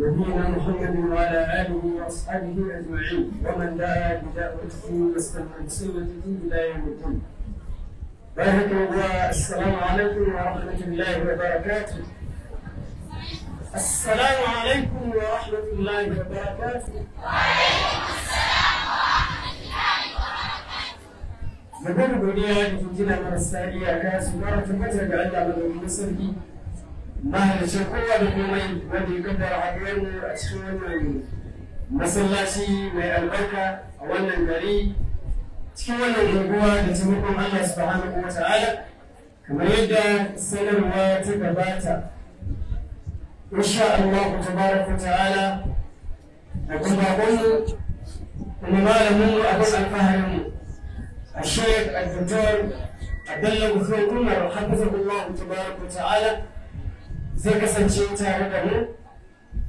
نبينا محمد وعلى اله واصحابه اجمعين ومن دعا بدعوته واستمع بسنته الى يوم الدين. بارك الله السلام عليكم ورحمه الله وبركاته. السلام عليكم ورحمه الله وبركاته. وعليكم السلام ورحمه الله وبركاته. Magana godiya da jinjina marasa iyaka su mara tabbatar da Allah madaukakin sarki mahalicinkowa da komai wanda ya kaddara haɗuwar mu a cikin wannan masallaci mai albarka a wannan gari cikin wannan guguwa da taimakon Allah subhanahu wa ta'ala kamar yadda sanarwa ta gabata insha Allah tabaraka ta'ala da kuma bakonmu kuma malamin mu abin alfaharin mu a shek al-doktor Abdullah Bukhari Umar hafizahullah tabaraka ta'ala zai kasance tare da mu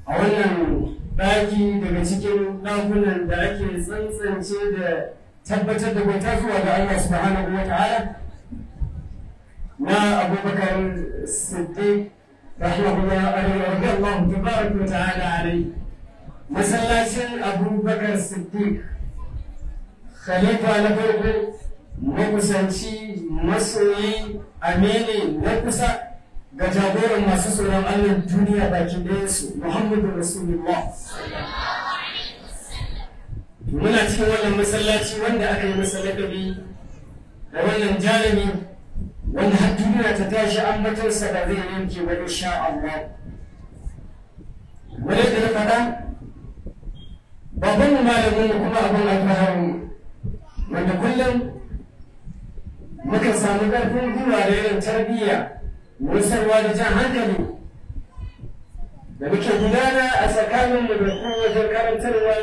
a wannan ɗaki daga cikin ɗakunan da ake tsantsance da tabbatar da bauta zuwa ga Allah subhanahu wa ta'ala na abubakar siddiq rahimahullah alaihi radiyallahu tabaraka wa ta'ala alaihi masallacin abubakar siddiq khalifa na farko makusanci masoyi amene na kusa ga jagoran masu tsoron Allah duniya baki su Muhammadu Rasulullah. Muna cikin wannan masallaci wanda aka yi masa lakabi da wannan jarumi wanda har duniya ta tashi batarsa ba zai yanke wani insha Allah. Wani da na faɗa babban malamin kuma abin alfaharin wanda kullum muka samu ƙarfin gwiwa da irin tarbiyya nusarwa da jan hankali da muke gudana a tsakanin da wajen karantarwa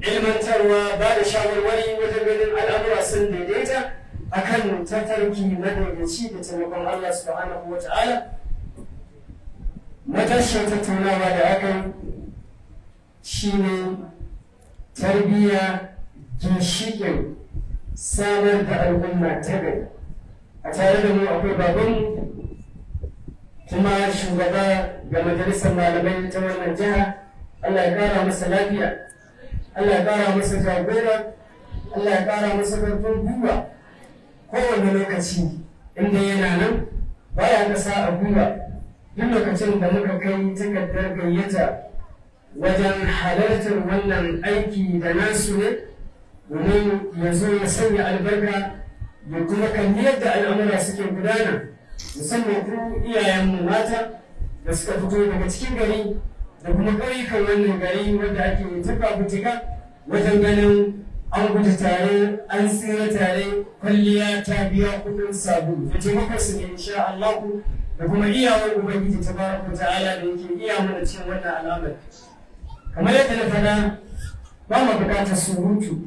ilmantarwa ba da shawarwari wajen ganin al'amura sun daidaita a kan tattarki madaidaici da taimakon Allah subhanahu wa ta'ala matashin tattaunawa da aka shine tarbiyya ginshiƙin samar da al'umma ta gari a tare da mu akwai babanmu kuma shugaba ga majalisar malamai ta wannan jiha Allah ya kara masa lafiya Allah ya kara masa jagora Allah ya kara masa karfin gwiwa kowane lokaci inda yana nan baya kasa a gwiwa duk lokacin da muka kai takardar gayyata wajen halartar wannan aiki da nasu ne domin ya zo ya sanya albarka ya kuma kalli yadda al'amura suke gudana musamman ku iyayenmu mata da suka fito daga cikin gari da kuma ƙauyukan wannan gari wanda ake tafa fitika wajen ganin an gudu tare an tsira tare kwalliya ta biya kudin sabulu da taimakon su ne insha Allah da kuma iyawar ubangiji ta baraka ta'ala da yake iya mana cikin wannan alamar kamar yadda na faɗa ba mu buƙatar surutu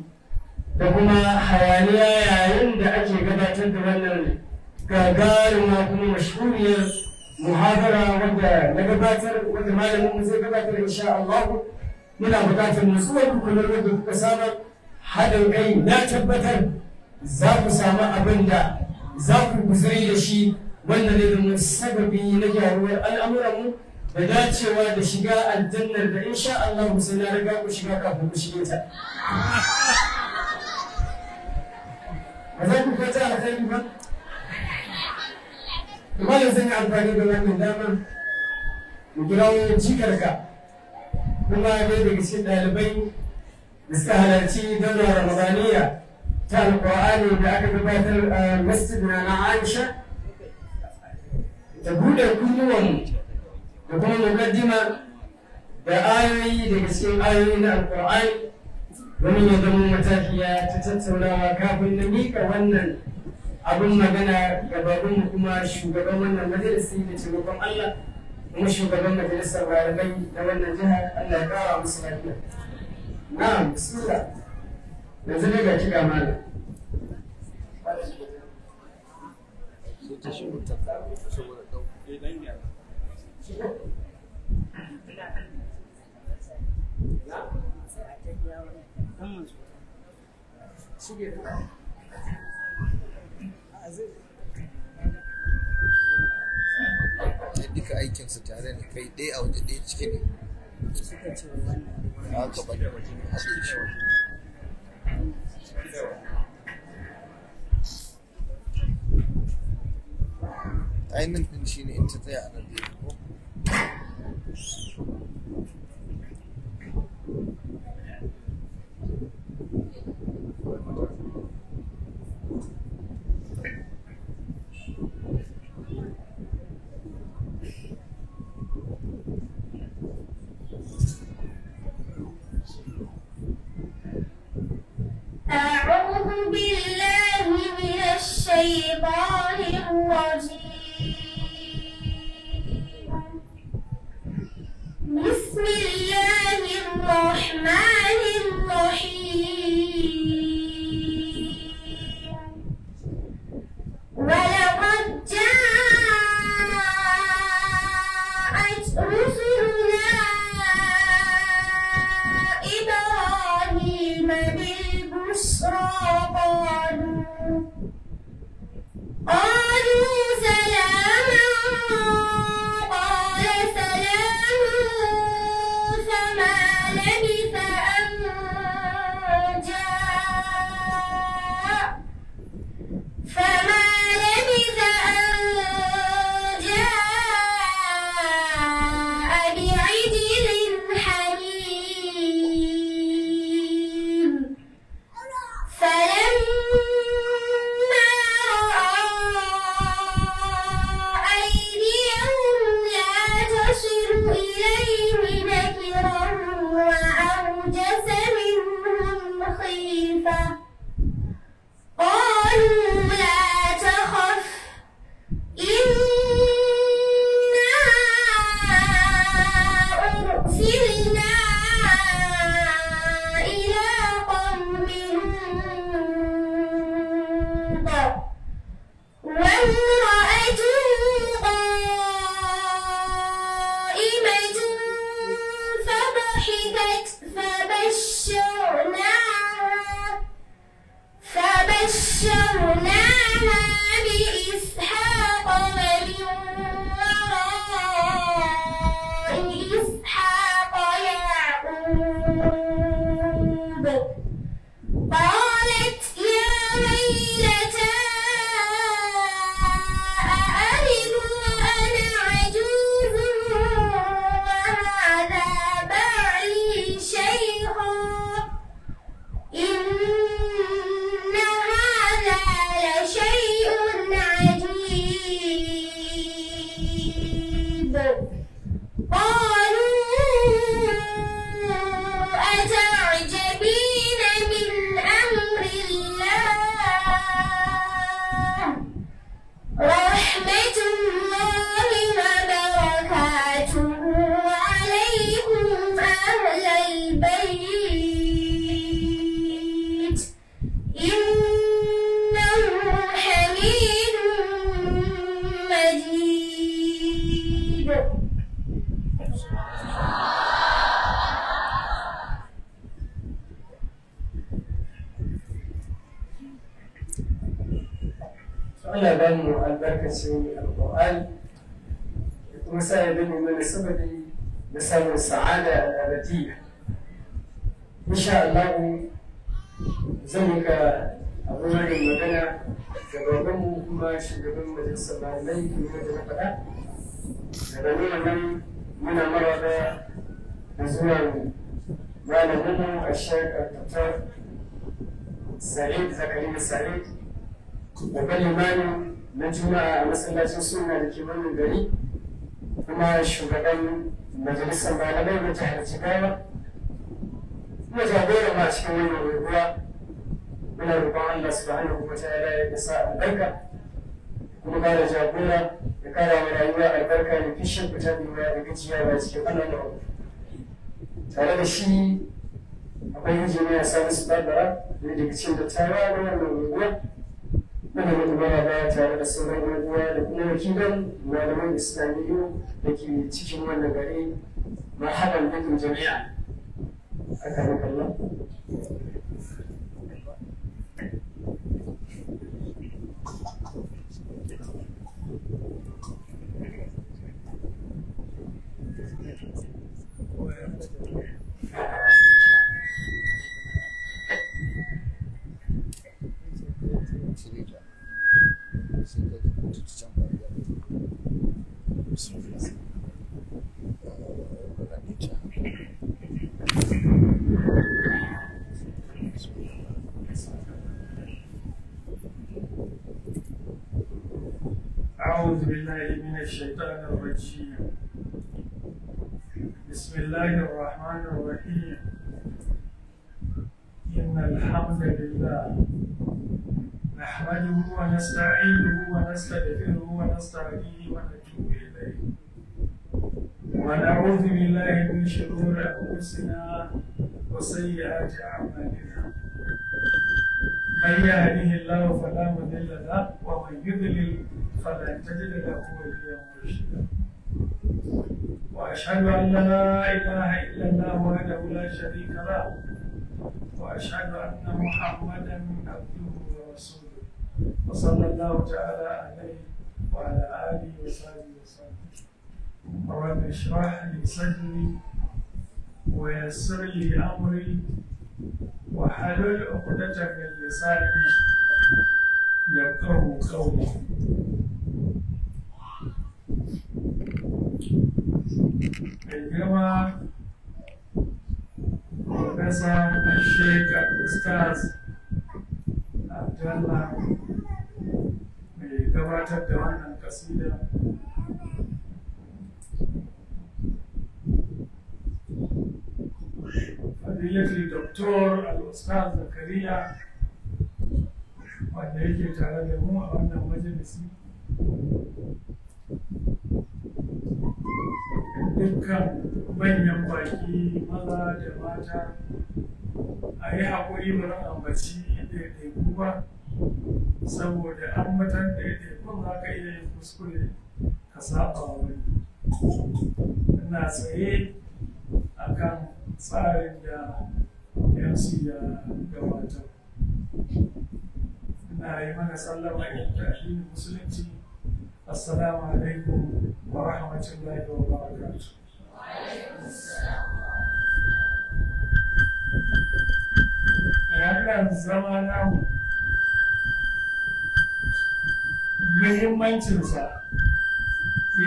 da kuma hayaniya yayin da ake gabatar da wannan gagarima kuma mashhuriyar muhadara wadda na gabatar wadda malamin zai gabatar insha Allah muna buƙatar nutsuwar ku kamar kuka samar haɗin kai na tabbatar za ku samu abin da za ku guzuri da shi wannan ne da sababi na gyaruwar al'amuranmu da dacewa da shiga aljannar da insha Allah sai na riga ku shiga kafin ku shige ta. Ba za ku fata alkhairi ba? malam zan yi amfani da wannan dama mu kirawo cikarka kuma ne daga cikin ɗalibai da suka halarci daular ramadaniya ta Alƙawari da aka gabatar a masjid na aisha Da buɗe kunnuwanmu da kuma mukaddima da ayoyi daga cikin ayoyi na Alƙawari. domin ya zama matafiya ta tattaunawa kafin na miƙa wannan abin magana gabanin kuma shugaban wannan majalisi da ce roƙon Allah kuma shugaban majalisar bayanai na wannan jihar Allah ya kawo musu lafiya. Na musula, Yanzu ne ga kiɗa malam. Thank you. na duka aikinsu tare ne kai ɗaya a waje ɗaya cike ne suka ce wannan ya gaba da wajen haɗe shi Diamond ɗin shi ne in ta tsaya a nan ko? أعوذ بالله من الشيطان الرجيم بسم الله الرحمن الرحيم ولقد جاءت رسلنا بشرى قالوا قالوا سلاما sarkin wannan gari kuma shugaban majalisar malamai na jihar jigawa kuma jagoran ma cikin wannan unguwa muna roƙon Allah subhanahu wa ta'ala ya kasa albarka kuma ba da jagora da kara wa rayuwa albarka da fishin fita da da gajiya ba cikin wannan abu tare da shi akwai injiniya salisu babara da daga cikin dattawa da wannan unguwa Umarım burada tare da sauran yan uwa na wakilan malaman islamiyyu da ke cikin wannan gari marhaban bikin jami'a. Aka Allah. الشيطان الرجيم بسم الله الرحمن الرحيم إن الحمد لله نحمده ونستعينه ونستغفره ونستهديه ونتوب إليه ونعوذ بالله من شرور أنفسنا وسيئات أعمالنا من يهده الله فلا مضل له ومن يضلل واشهد ان لا اله الا الله وحده لا شريك له واشهد ان محمدا عبده ورسوله وصلى الله تعالى عليه وعلى اله وصحبه وسلم رب اشرح لي صدري ويسر لي امري وحلل عقدة من لساني يفقه قولي mai girma profesa sheik ustaz abdallah mai gabatar da wannan kasida fadilatul doktor al-ustaz zakariya wanda yake tare da mu a wannan majalisi dukkan manyan baki maza da mata a yi haƙuri mana ambaci ɗaiɗaiku ba saboda an matan ɗaiɗaikun za ka iya yin kuskure ka saba wani ina tsaye a kan tsarin da mc ya gabata. ina yi mana sallama da addinin musulunci السلام عليكم ورحمة الله وبركاته وعليكم السلام ورحمة الله وبركاته وعليكم السلام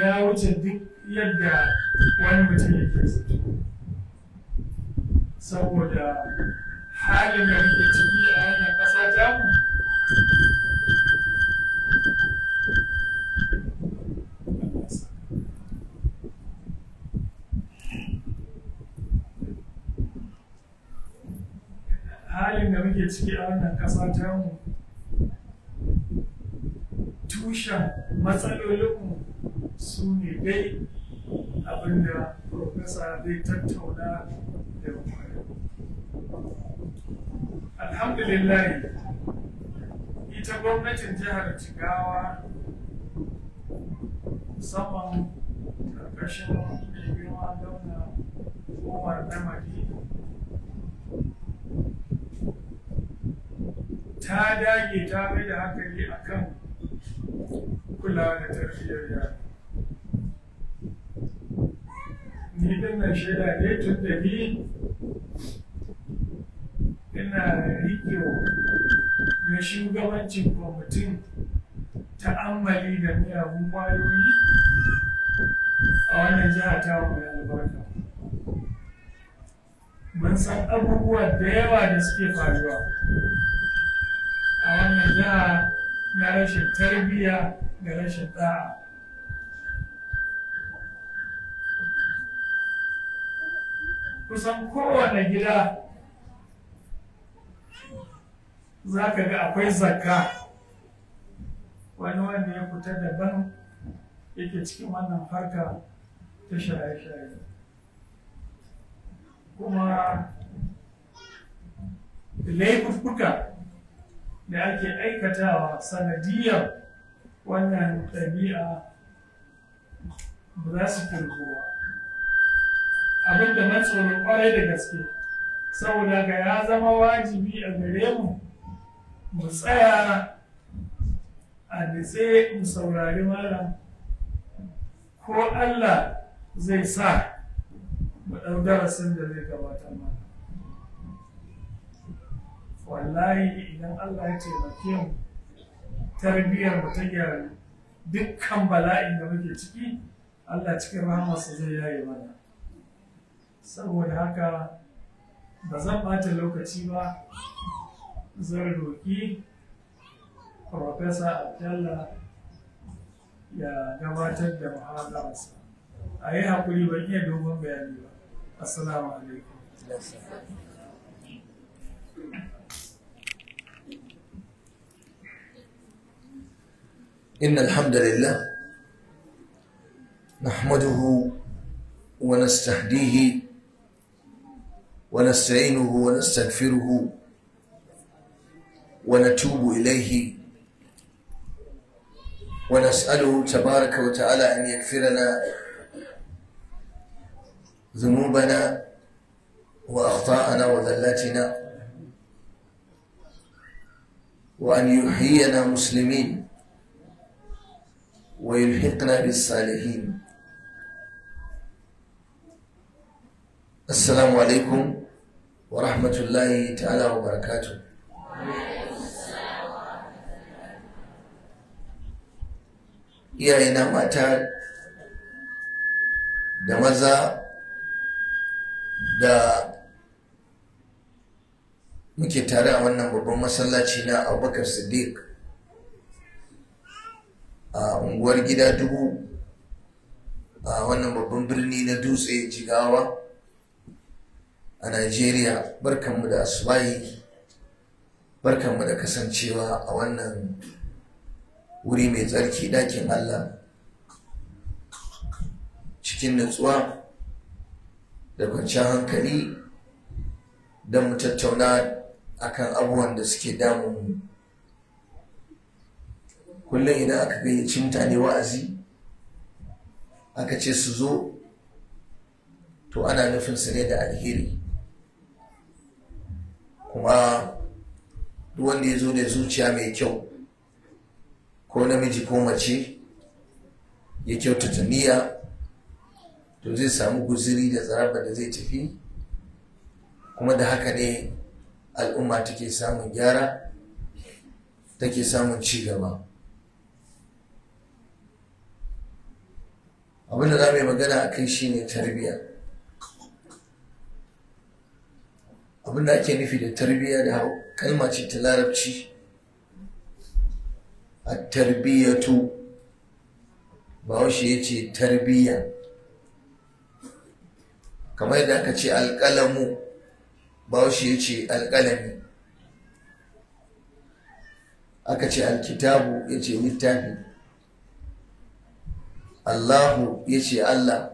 يا وجدك يدى وين متنفسك سوى حالنا في تبيع هذا قصتهم muke ciki a wannan ƙasa ta mu tushen matsalolinmu su ne dai abinda profesa zai tattauna da alhamdulillah ita gwamnatin jihar jigawa musamman ƙarƙashin girma gwamna umar namadi ta dage ta mai da hankali a kan kula da tarbiyyar yara ni na shaida ne tun da ni ina riƙe na shugabancin kwamitin ta'ammali da miyagun ƙwayoyi a wannan jiha ta mai albarka mun san abubuwa da yawa da suke faruwa a wannan jiha na rashin tarbiyya da rashin ɗa'a. Kusan kowane gida za ka ga akwai zakka wani wanda ya fita daban yake cikin wannan harka ta shaye-shaye. Kuma laifuka da ake aikatawa sanadiyar wannan ɗabi'a ba za su kirgo ba abin da matsoron kwarai da gaske saboda ga ya zama wajibi a gare mu mu tsaya a nitse mu saurari malam ko allah zai sa mu ɗau darasin da zai gabatar mana wallahi idan Allah ya taimake mu tarbiyyar mu ta gyaru dukkan bala'in da muke ciki Allah cikin rahamarsa zai yaye mana saboda haka ba zan bata lokaci ba zan roƙi Profesa Abdallah ya gabatar da muhadararsa a yi haƙuri ban iya dogon bayani ba assalamu alaikum إن الحمد لله نحمده ونستهديه ونستعينه ونستغفره ونتوب إليه ونسأله تبارك وتعالى أن يكفرنا ذنوبنا وأخطاءنا وذلاتنا وأن يحيينا مسلمين ويلحقنا بالصالحين السلام عليكم ورحمة الله تعالى وبركاته iyayena mata da maza da muke tare a wannan babban masallaci na abubakar siddiq a unguwar gida dubu a wannan babban birni na dutse jigawa a najeriya barkanmu da asubahi barkanmu da kasancewa a wannan wuri mai tsarki ɗakin allah cikin nutsuwa da kwanciyar hankali don mu tattauna akan abubuwan da suke damun kullum idan aka gayyaci mutane wa'azi aka ce su zo to ana nufin su ne da alheri kuma duk wanda ya zo da zuciya mai kyau ko namiji ko mace ya kyauta tuniya to zai samu guziri da tsaraba da zai tafi kuma da haka ne al'umma take samun gyara take samun ci gaba abinda za mu yi magana a kai ne tarbiyya abinda ake nufi da tarbiyya da kalma ce ta larabci a tarbiyyatu wasu ya ce tarbiyya kamar yadda aka ce alƙalamu wasu ya ce alƙalami aka ce alkitabu ya ce littafi Allahu ya ce Allah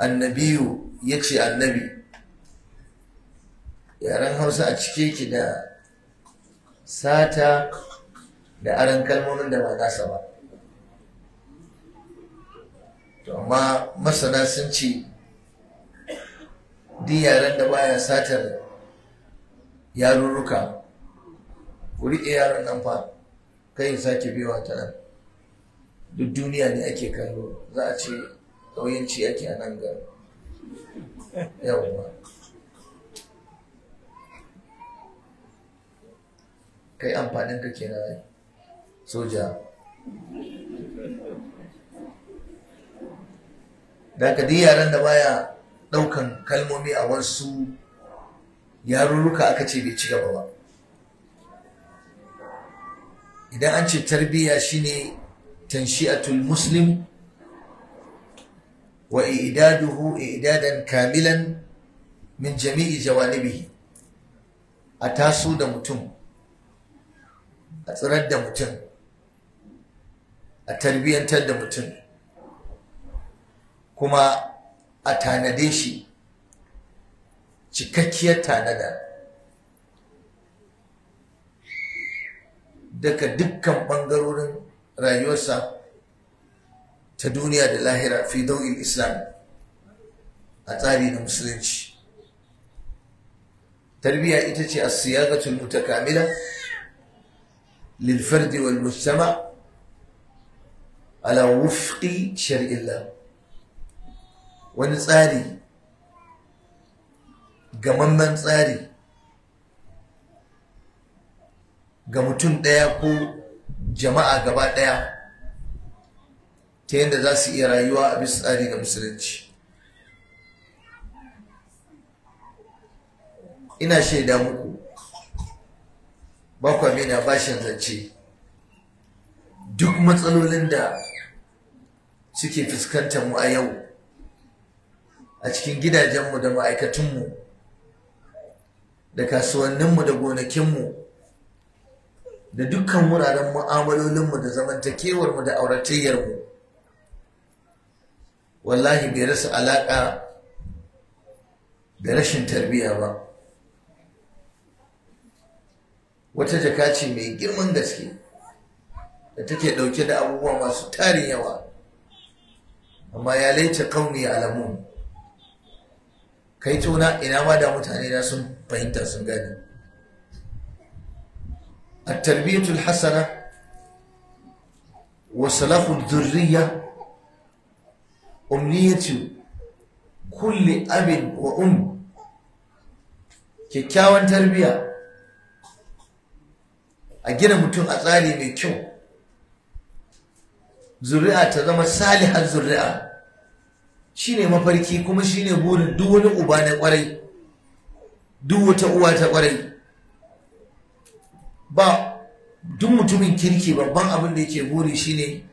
annabiyu ya ce annabi yaren hausa a cike ki da sata da aran kalmomin da ba nasa ba to amma masana sun ce duk yaren da baya satar yarurruka ku riƙe yaron nan fa kai sake biyo ta nan duk duniya ne ake kallo za a ce ƙauyenci ake a nan ga kai amfanin ka kenan soja da ka yaran da baya ɗaukan kalmomi a wasu yarurruka aka ce bai ci gaba ba idan an ce tarbiyya shine تنشئة المسلم وإعداده إعدادا كاملا من جميع جوانبه أتاسو دمتم أترد دمتم التربية دمتم كما أتانديشي cikakkiyar tanada daga dukkan ɓangarorin rayuwarsa ta duniya da lahira fi dau'il islam a tsari na musulunci tarbiyya ita ce a siyagatul mutakamila للفرد والمجتمع على وفق شرع الله wani tsari gamamman tsari ga mutum ɗaya ko jama'a gaba ɗaya ta yadda za su iya rayuwa a bisa tsari ga musulunci ina shaida muku bakwa na bashin zance duk matsalolin da suke fuskantar mu a yau a cikin gidajenmu da ma'aikatunmu da kasuwanninmu da gonakinmu da dukkan wuraren mu'amalolinmu da zamantakewarmu da auratayyarmu wallahi bai rasa alaƙa da rashin tarbiyya ba wata jaka ce mai girman gaske da take ɗauke da abubuwa masu tarin yawa amma ya laita kauni alamun kai tona ina ma da mutane na sun fahimta sun gani A Hassana التربية الحسنة وصلاح الذرية kulle كل أب وأم kyakkyawan tarbiyya a gina mutum a tsari mai kyau zuri'a ta zama salihar zuri'a shine mafarki kuma shine burin duk wani uba na kwarai duk wata uwa ta kwarai ba duk mutumin kirki babban abin da yake buri shine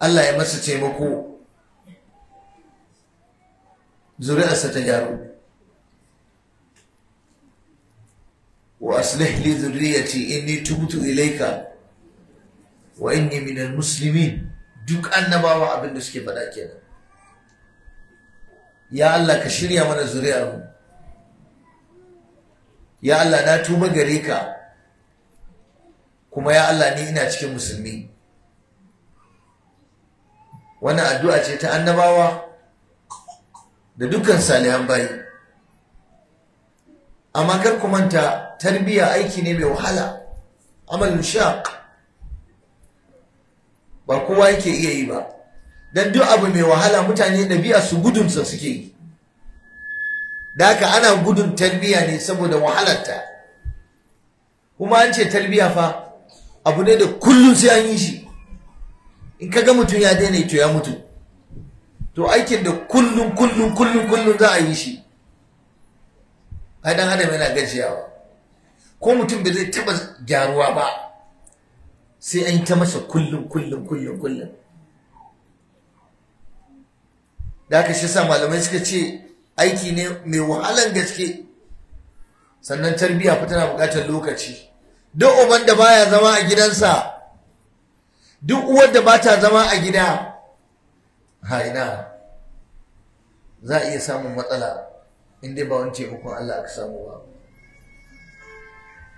Allah ya masa taimako zuri'arsa ta gyaru wa aslih li zurriyati inni tubtu ilayka wa inni minal muslimin duk annabawa abin da suke faɗa kenan ya Allah ka shirya mana zuri'armu ya Allah na tuba gare ka kuma ya Allah ni ina cikin musulmi Wani addu'a ce ta annabawa da dukkan salihan bayi amma kar ku manta tarbiyya aiki ne mai wahala amalin shaq ba kowa yake iya yi ba Dan duk abu mai wahala mutane ɗabi'a su gudunsa suke yi da haka ana gudun talbiya ne saboda wahalarta kuma an ce talbiya fa abu ne da kullum sai an yi shi in ka ga mutum ya daina to ya mutu to aikin da kullum kullum kullum kullum za a yi shi haɗin dan adam yana gajiyawa ko mutum bai zai taba gyaruwa ba sai an yi ta masa kullum kullum kullum kullum da haka shi sa malamai suka ce aiki ne mai wahalan gaske sannan tarbiya fa tana bukatar lokaci duk uban da baya zama a gidansa duk uwar da bata zama a gida haina za a iya samun matsala in dai ba wani taimakon Allah aka samu ba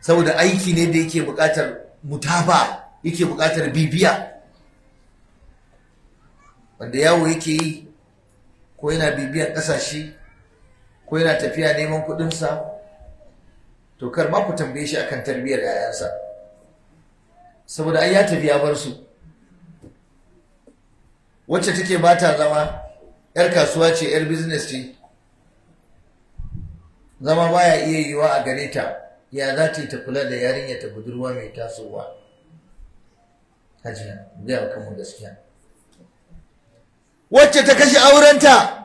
saboda aiki ne da yake buƙatar mutaba yake bukatar bibiya wanda yawo yake yi ko yana bibiyar ƙasashe ko yana tafiya neman kuɗinsa to kar ma ku tambaye shi akan tarbiyyar 'ya'yansa saboda ai ya tafi ya bar su wacce take ba ta zama 'yar kasuwa ce 'yar business ce zama baya iya yiwa a gare ta ya za ta yi ta kula da yarinya ta budurwa mai tasowa hajiya kanmu gaskiya wacce ta kashe aurenta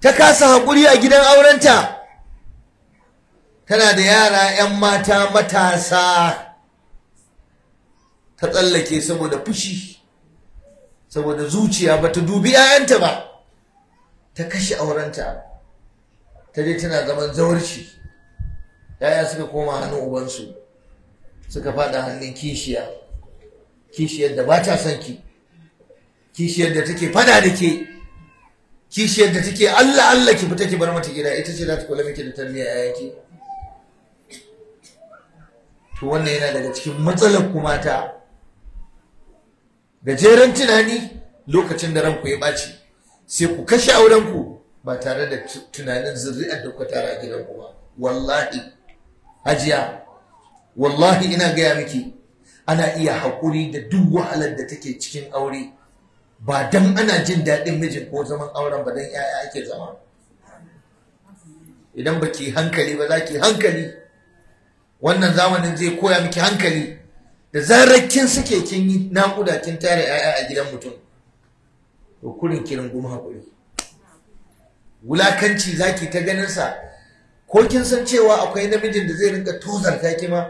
ta kasa haƙuri a gidan aurenta tana da yara 'yan mata matasa ta tsallake saboda fushi saboda zuciya ba ta dubi 'ya'yanta ba ta kashe aurenta ta je tana zaman zawarci yaya suka koma hannu ubansu suka fada hannun kishiya kishiyar da ba ta son kishiyar da take fada da ke kishiyar da take Allah Allah ki fita ki bar mata gida ita ce za ta kula miki da tarbiyya yayaki to wannan yana daga cikin matsalar ku mata gajeren tunani lokacin da ranku ya ɓaci sai ku kashe aurenku ba tare da tunanin zuri'ar da ku tara gidanku ba wallahi hajiya wallahi ina gaya miki ana iya haƙuri da duk wahalar da take cikin aure ba dan ana jin daɗin mijin ko zaman auren ba don yaya ake zama idan ba ki hankali ba za ki hankali wannan zamanin zai koya miki hankali da zarar kin suke kin yi naƙuda kin tare yaya a gidan mutum to kurin kirin goma haƙuri wulakanci za ki ta ganinsa ko kin san cewa akwai namijin da zai rinka tozarta ki ma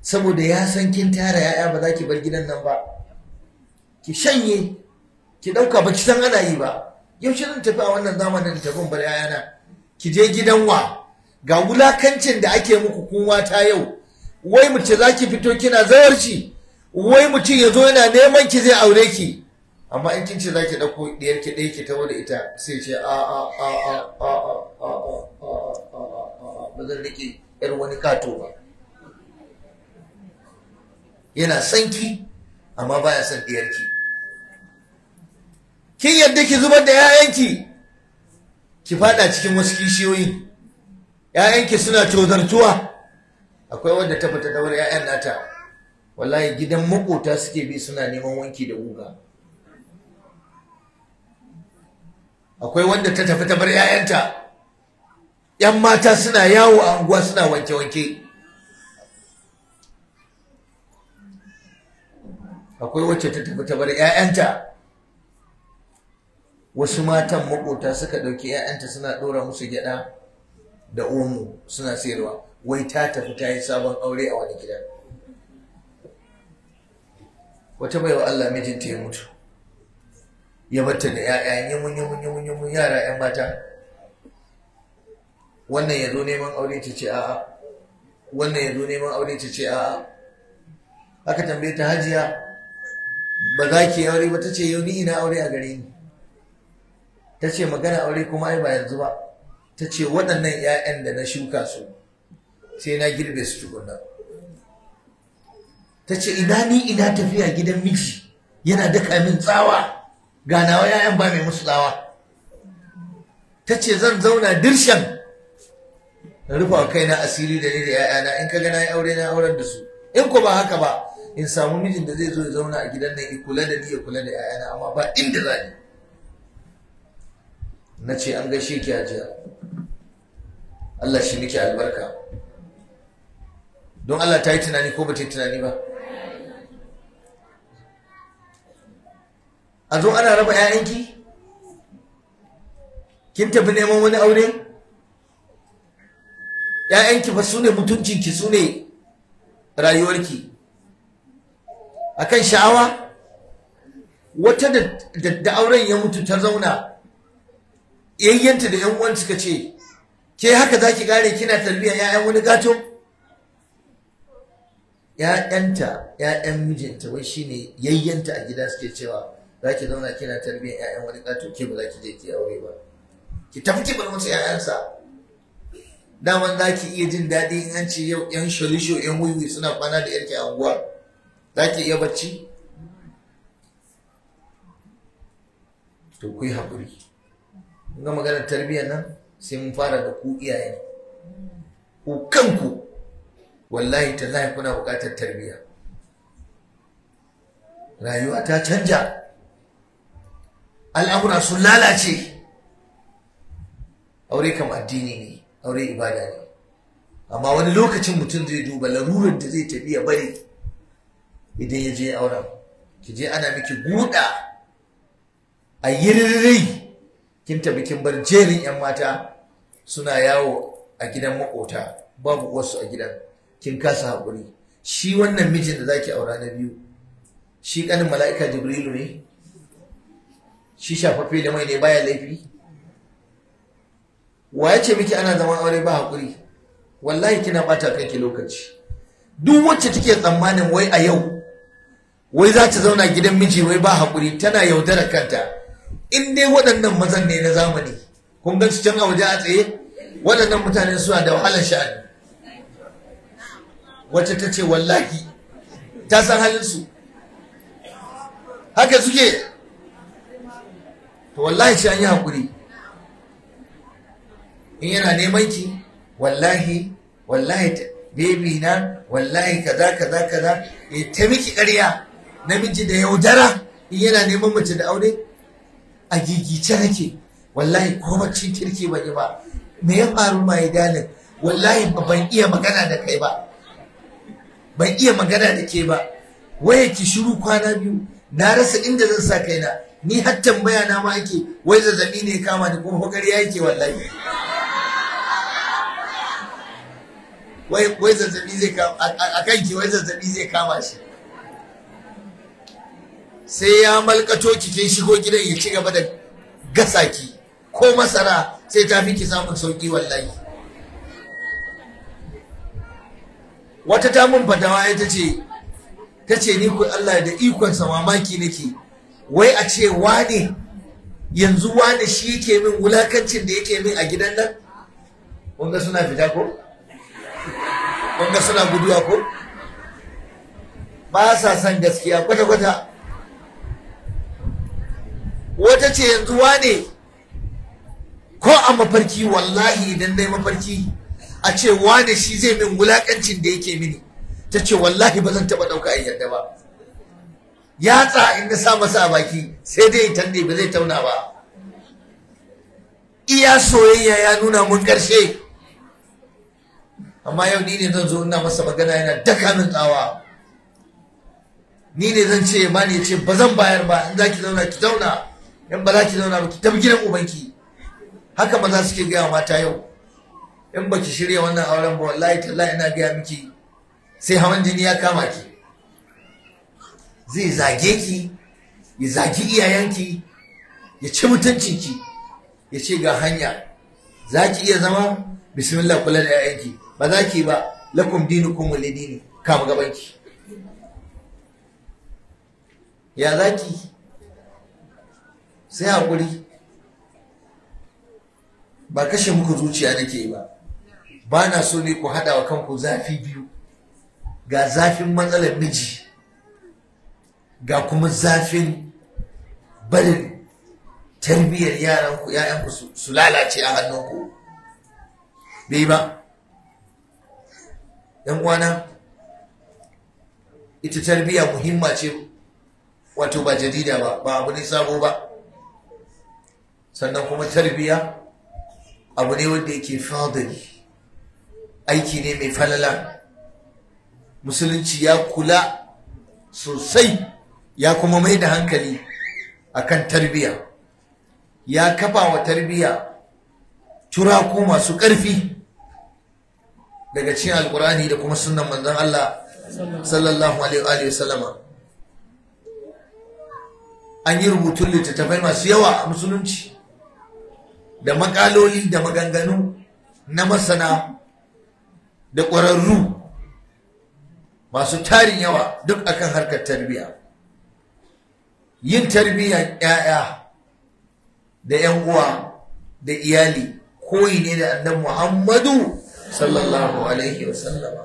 saboda ya san kin tara yaya ba za ki bar gidan nan ba ki shanye ki ɗauka ba ki san ana yi ba yaushe zan tafi a wannan zamanin tafin bar yayana ki je gidan wa ga wulakancin da ake muku kun ta yau wai mace za ki fito kina zawarci wai mutum ya zo yana neman ki zai aure ki amma in kin ce za ki ɗauko ɗiyar ki ɗaya ki ta da ita sai ce a a a a a a a a ba zan rike yar wani kato ba yana sanki amma baya son ɗiyar ki kin yadda ki zubar da 'ya'yanki ki fada cikin wasu kishiyoyi 'ya'yanki suna tozartuwa akwai wanda ta fita daura 'ya'yan nata wallahi gidan makota suke bi suna neman wanki da guga akwai wanda ta tafi ta bar 'ya'yanta 'yan mata suna yawo a unguwa suna wanke-wanke akwai wacce ta tafi ta bar 'ya'yanta wasu matan makota suka ɗauki 'ya'yanta suna ɗora musu gyaɗa da omo suna sayarwa wai ta tafi ta yi sabon aure a wani gida wata baiwa Allah mijinta ya mutu ya batta da 'ya'ya yamun yamun yamun yamun yara 'yan mata wannan ya zo neman aure ta ce a'a wannan ya zo neman aure ta ce a'a aka tambaye ta hajiya ba za ki yi aure ba ta ce yau ni ina aure a gare ni ta ce magana aure kuma ai ba yanzu ba ta ce waɗannan 'ya'yan da na shuka su sai na girbe su tukunna ta ce ina ni ina tafiya gidan miji yana daka min tsawa ganawa 'ya'yan ba mai musu tsawa ta ce zan zauna dirshan na rufa wa kaina asiri da ni da 'ya'yana in ka gana yi aure na auren da su in ko ba haka ba in samu mijin da zai zo ya zauna a gidan nan ya kula da ni ya kula da 'ya'yana amma ba inda za ni na ce an gaishe ki ajiya Allah shi miki albarka don Allah ta yi tunani ko ba ta yi tunani ba a zo ana raba 'ya'yanki kin tafi neman wani aure ‘ya'yanki ba su ne mutuncinki su ne rayuwarki akan sha'awa wata da auren ya mutu ta zauna yayyanta da yan uwan suka ce ke haka zaki gare kina talbiya ya'yan wani gato ya'yanta ya'yan mijinta wai shine yayyanta a gida suke cewa zaki zauna kina talbiya ya'yan wani gato ke ba zaki je ki aure ba ki tafi ki bar musu ya'yansa dama za ki iya jin daɗi in an ce yau yan sholisho yan wiwi suna kwana da yarki a unguwa za ki iya bacci to ku yi haƙuri ga maganar tarbiyyar nan sai mun fara da ku iyaye ku kanku wallahi tallahi kuna bukatar tarbiyya rayuwa ta canja al'amura sun lalace aure kam addini ne aure ibada ne amma wani lokacin mutum zai duba larurar da zai tafiya bari idan ya je auren ki je ana miki guda a yi kin tafi kin bar jerin 'yan mata suna yawo a gidan makota babu wasu a gidan kin kasa haƙuri shi wannan mijin da zaki aura na biyu shi kanin mala'ika jibrilu ne shi shafaffe da mai ne baya laifi wa ya ce miki ana zaman aure ba haƙuri wallahi kina ɓata kanki lokaci duk wacce take tsammanin wai a yau wai za ta zauna gidan miji wai ba hakuri? tana yaudarar kanta in dai waɗannan mazan ne na zamani kun gan su can a waje a tsaye waɗannan mutane suna da wahalar sha'ani wacce ta ce wallahi ta san halinsu haka suke to wallahi shi an yi haƙuri in yana neman ki wallahi wallahi bebi na wallahi kaza kaza kaza ya ta miki ƙarya namiji da yaudara in yana neman mace da aure a gigice nake wallahi ko cin kirki ba ba me ya faru mai dalin wallahi ban iya magana da kai ba ban iya magana da ke ba waye ki shiru kwana biyu na rasa inda zan sa kaina ni har tambaya na ma ake wai zazzabi ne kama ni kuma hukari yake wallahi wai zazzabi zai kama a kanki wai zazzabi zai kama shi sai ya malkato cikin shigo gidan ya ci gaba da gasa ki ko masara sai ta fi ki samun sauki wallahi wata ta mun fatawa ya ta ce ta ce ni ku Allah da ikon sa mamaki nake wai a ce wane yanzu wane shi yake min wulakancin da yake min a gidan nan wanda suna fita ko wanda suna guduwa ko ba sa san gaskiya kwata-kwata wata ce yanzu wane ko a mafarki wallahi idan dai mafarki a ce wane shi zai min wulakancin da yake mini ta ce wallahi ba zan taɓa ɗauka a yarda ba yatsa in inda sa masa a baki sai dai tanne ba zai tauna ba iya soyayya ya nuna mun ƙarshe amma yau ni ne zan zo ina masa magana yana daka min tsawa ni ne zan ce ma ne ce ba zan bayar ba in za ki zauna ki zauna in ba za ki zauna ba ki tafi gidan ubanki haka maza suke gaya mata yau in ba ki shirya wannan auren ba wallahi tallahi ina gaya miki sai hawan jini ya kama ki zai zage ki ya zagi iyayenki ya ci mutuncinki ya ce ga hanya za ki iya zama bismillah kula da 'ya'yanki ba za ki ba lakum dinukum walidini kama gabanki ya za ki sai haƙuri ba kashe muku zuciya nake ba ba na so ne ku haɗa wa kanku zafi biyu ga zafin matsalar miji ga kuma zafin barin tarbiyyar yaranku ‘ya'yanku su lalace a hannunku bai ba ‘yan kwana, ita tarbiyya muhimma ce wato ba jarida ba ba abu ne sabo ba sannan kuma tarbiya abu ne wanda yake fadali aiki ne mai falala musulunci ya kula sosai ya kuma mai da hankali akan tarbiya ya kafa wa tarbiya turaku masu ƙarfi daga cikin alkurani da kuma sunan manzon Allah sallallahu alaihi wasallama an yi rubutun littattafai masu yawa a musulunci da makaloli da maganganu na masana da ƙwararru masu tarin yawa duk akan harkar tarbiyya yin tarbiyyar 'ya'ya da ƴan uwa da iyali koyi ne da annabi muhammadu sallallahu alaihi wa sallama,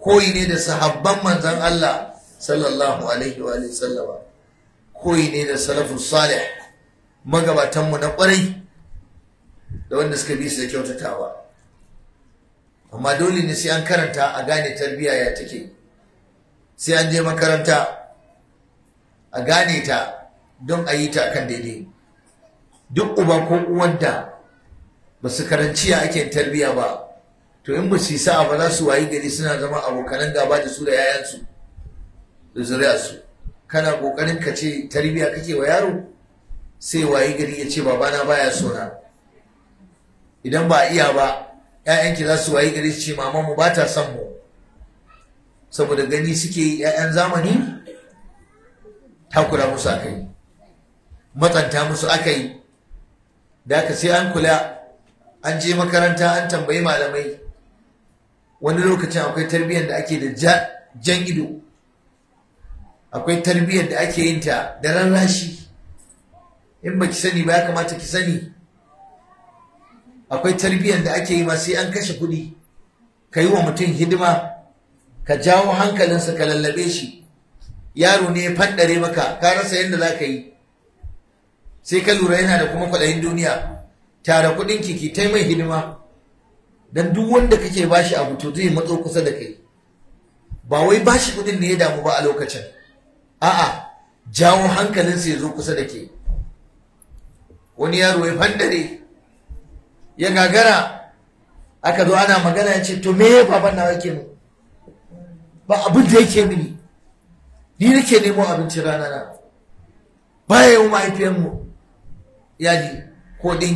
koyi ne da sahabban manzan allah sallallahu alaihi wa sallama, koyi ne da salafus salih magabatanmu na ƙwarai da wanda suka bi su da kyautatawa amma dole ne sai an karanta a gane tarbiyya ya take sai an je makaranta a gane ta don a yi ta kan daidai duk uba ko uwanta ba su karanci ya ake tarbiyya ba to in ba su yi sa'a ba za su wayi gari suna zama abokanan gaba da su da yayansu da zuriyarsu kana kokarin ka ce tarbiyya kake wa yaro sai wayi gari ya ce babana baya sona idan ba a iya ba ‘ya'yanki za su wayi gari su ce mama mu ba ta son mu saboda gani suke ‘ya'yan zamani takura musu aka yi matsanta musu aka yi da aka sai an kula an je makaranta an tambayi malamai wani lokacin akwai tarbiyyar da ake da jan ido akwai tarbiyyar da ake yin ta da rarrashi in ba ki sani ba ya kamata ki sani akwai tarbiyyar da ake yi ma sai an kashe kuɗi ka yi wa mutum hidima ka jawo hankalinsa ka lallabe shi yaro ne ya faddare maka ka rasa yadda za ka yi sai ka lura yana da kuma kwaɗayin duniya Tare kuɗin kiki ta mai hidima don duk wanda kake bashi abu to zai matso kusa da kai ba wai bashi kuɗin ne ya damu ba a lokacin a'a jawo hankalinsa ya zo kusa da ke wani yaro ya faddare ya gagara aka zo ana magana ya ce to me baban na yake mu ba abin da yake mini ni nake nemo abinci rana na baya yi mahaifiyarmu ji ko ba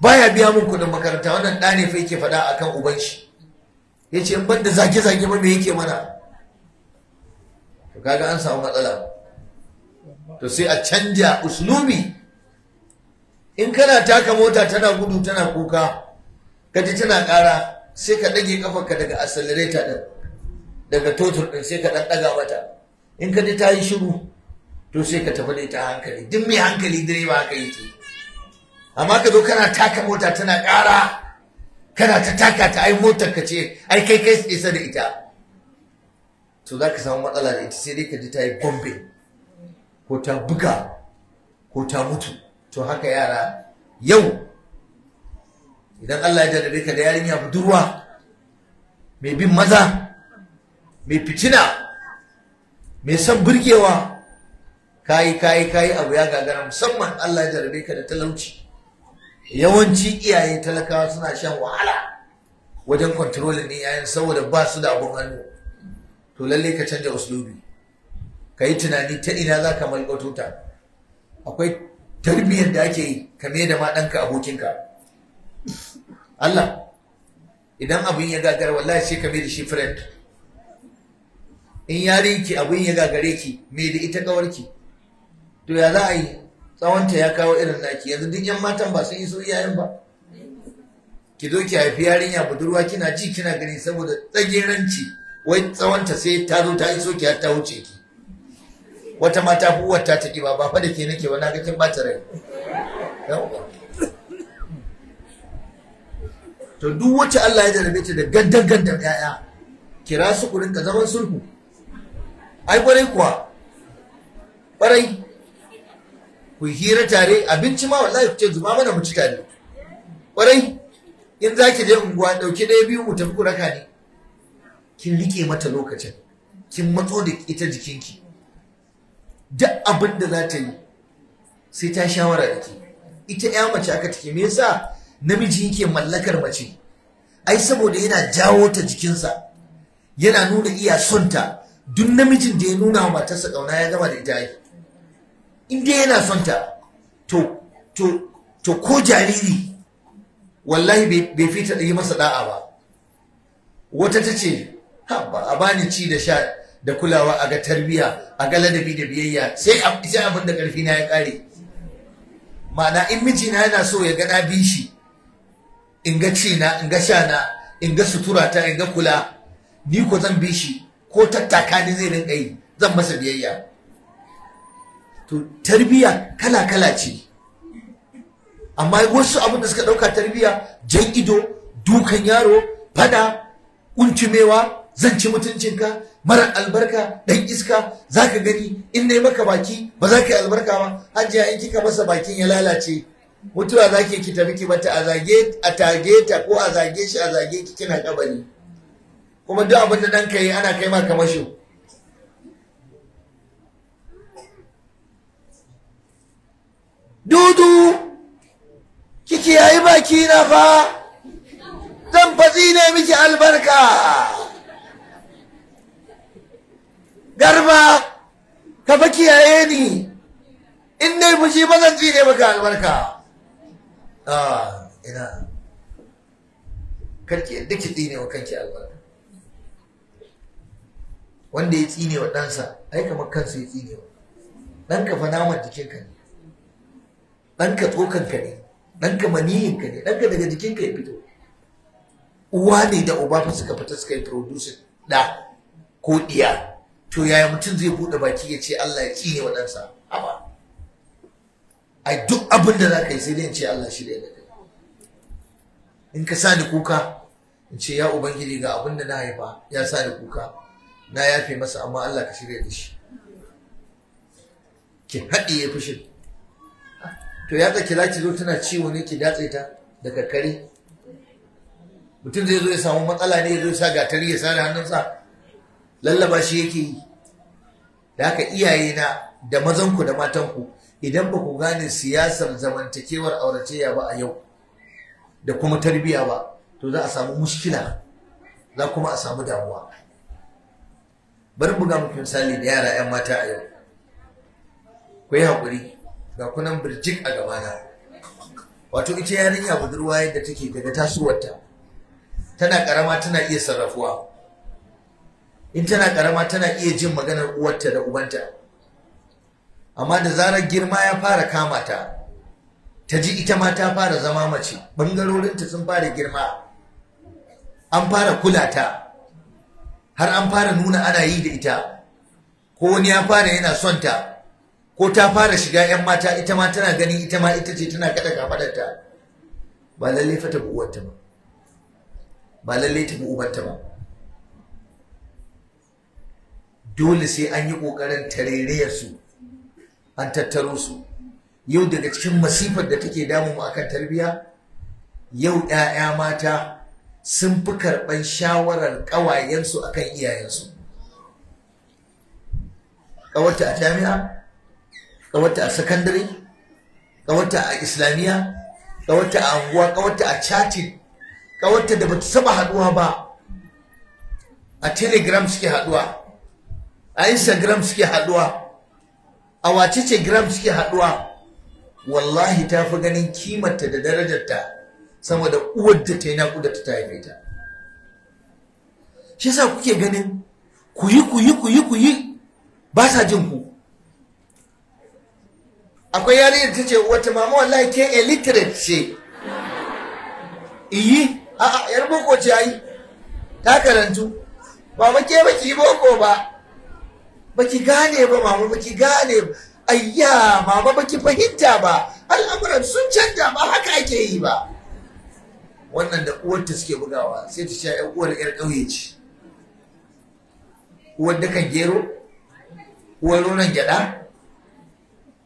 baya biya mu kuɗin makaranta wannan ɗa ne fa yake faɗa akan uban shi ya ce ban da zage-zage ba me yake mana to kaga an samu matsala to sai a canja uslubi in kana taka mota tana gudu tana kuka ka ji tana ƙara sai ka ɗage ƙafarka daga accelerator din, daga totur din sai ka ɗan ɗaga mata in ka ji ta yi shiru to sai ka tafi da ita hankali duk mai hankali direba haka ce. amma ka zo kana taka mota tana ƙara kana ta taka ta ai motar ka ce ai kai kai isa da ita to za ka samu matsala da ita sai dai ka ji ta yi bombing ko ta buga ko ta mutu to haka yara yau idan Allah ya jaddare ka da yarinya budurwa mai bin maza mai fitina mai son burgewa kayi kayi kayi abu ya gagara musamman Allah ya jarrabe ka da talauci yawanci iyaye talakawa suna shan wahala wajen kwantarolin ne yayin saboda ba su da abun hannu to lalle ka canja uslubi ka yi tunani ta ina za ka malgato akwai tarbiyyar da ake yi ka mai da ma ɗanka abokinka Allah idan abin ya gagara wallahi sai ka mai da shi friend in yarin ki abin ya gagare ki mai da ita kawarki to ya za a yi tsawonta ya kawo irin naki yanzu duk yan matan ba sun iso iyayen ba ki zo ki haifi yarinya budurwa kina ci kina gani saboda ranci wai tsawonta sai ta zo ta iso ki har ta wuce ki wata mata huwar ta taƙi ba ba fa da ke nake ba na ga kin bata rai to duk wacce Allah ya jarabe ta da gaddan gaddan 'ya'ya? kira su ku rinka zaman sulhu ai kwarai kuwa kwarai ku hira tare abinci ma wallahi ku ce zuma mana mu ci tare kwarai in za ki je unguwa ɗauki ɗaya biyu mu tafi ku raka ne kin rike mata lokacin kin matso da ita jikinki duk abin da za ta yi sai ta shawara da ke ita ya mace aka take me yasa namiji yake mallakar mace ai saboda yana jawo ta jikinsa yana nuna iya sonta, duk namijin da ya nuna wa matarsa kauna ya gama da ita yi in yana sonta, to ko jariri wallahi bai fita da yi masa da'a ba wata ta ce Ba a bani ci da sha da kulawa a ga tarbiya a ga ladabi da biyayya sai abin da karfi na ya kare ma'ana in mijina yana so ya ga na bi in ga ci na in ga sha na in ga sutura ta in ga kula ni ko zan bi shi ko tattaka ni zai rinka yi zan masa biyayya to tarbiya kala kala ce amma wasu abin da suka ɗauka tarbiya jan ido dukan yaro fada kuntumewa zan ci mutuncinka mara albarka dan iska za ka gani in na yi maka baki ba za ka yi albarka ba hajiya in kika masa bakin ya lalace mutuwa za ki tafi ki bata a zage a tage ta ko a zage shi a zage ki kina kabari kuma duk abin da dan kai ana kai ma kamasho dudu kiki yayi baki na fa zan fazi ne miki albarka darba ka fa kiyaye ni in dai fushi ba zan ji ne maka albarka a ah, ina karki yadda ki tsine wa kanki albarka wanda ya tsine wa ɗansa ai kamar kansa ya tsine wa ɗanka fa naman jikinka ne ɗanka tsokanka ne ɗanka maniyinka ne ɗanka daga jikinka ya fito uwa ne da uba fa suka fita suka yi producing ɗa ko ɗiya to yaya mutum zai buɗe baki ya ce Allah ya tsine wa ɗansa amma ai duk abin da za ka yi sai dai in ce Allah shi da ya in ka sa ni kuka in ce ya ubangiji ga abin da na haifa ya sa ni kuka na yafe masa amma Allah ka shirya da shi ki haɗi ya fushin to ya tsaki laki zo tana ciwo ne ki datse ta da kakkare mutum zai zo ya samu matsala ne ya zo ya sa gatari ya sa da hannunsa lallaba shi yake yi da haka iyaye na da mazanku da matanku idan ba ku gane siyasar zamantakewar auratayya ba a yau da kuma tarbiyya ba to za a samu mushkila za kuma a samu damuwa bari buga muku misali da yara 'yan mata a yau ku yi haƙuri ga kunan birjik a gaba na. wato ita yarinya budurwa yadda take daga tasowarta tana ƙarama tana iya sarrafuwa in tana karama tana iya jin maganar uwarta da ubanta amma da zarar girma ya fara kama ta ta ji ita ma ta fara zama mace bangarorinta sun fara girma an fara kula ta har an fara nuna ana yi da ita ko wani ya fara yana son ta ko ta fara shiga 'yan mata ita ma tana ganin ita ma ita ce tana kada kafadarta ba lallai fa ta uwarta ba ba lallai ta ubanta ba dole sai an yi ƙoƙarin tarerayar su an tattaro su yau daga cikin masifar da take damu mu akan tarbiyya yau 'ya'ya mata sun fi karɓar shawarar ƙawayensu akan iyayensu ƙawarta a jami'a ƙawarta a sakandare ƙawarta a islamiyya ƙawarta a anguwa ƙawarta a chatin ƙawarta da bata saba haɗuwa ba a telegram suke haɗuwa a instagram suke haduwa a wacece gram suke haduwa wallahi ta fi ganin kimarta da darajarta sama da uwar da ta yi naƙuda ta ta haife ta shi sa kuke ganin ku yi ku yi ku yi ku yi ba sa jin ku akwai yarinyar ta ce wata mama wallahi ke illiterate ce iyi a'a yar boko ce ayi. ta karantu ba ma ke baki boko ba baki gane ba mama baki gane ayya mama baki fahimta ba al'amuran sun canja ba haka ake yi ba wannan da uwarta suke bugawa sai ta sha uwar yar ƙauye ce uwar kan gero uwar nonon gyada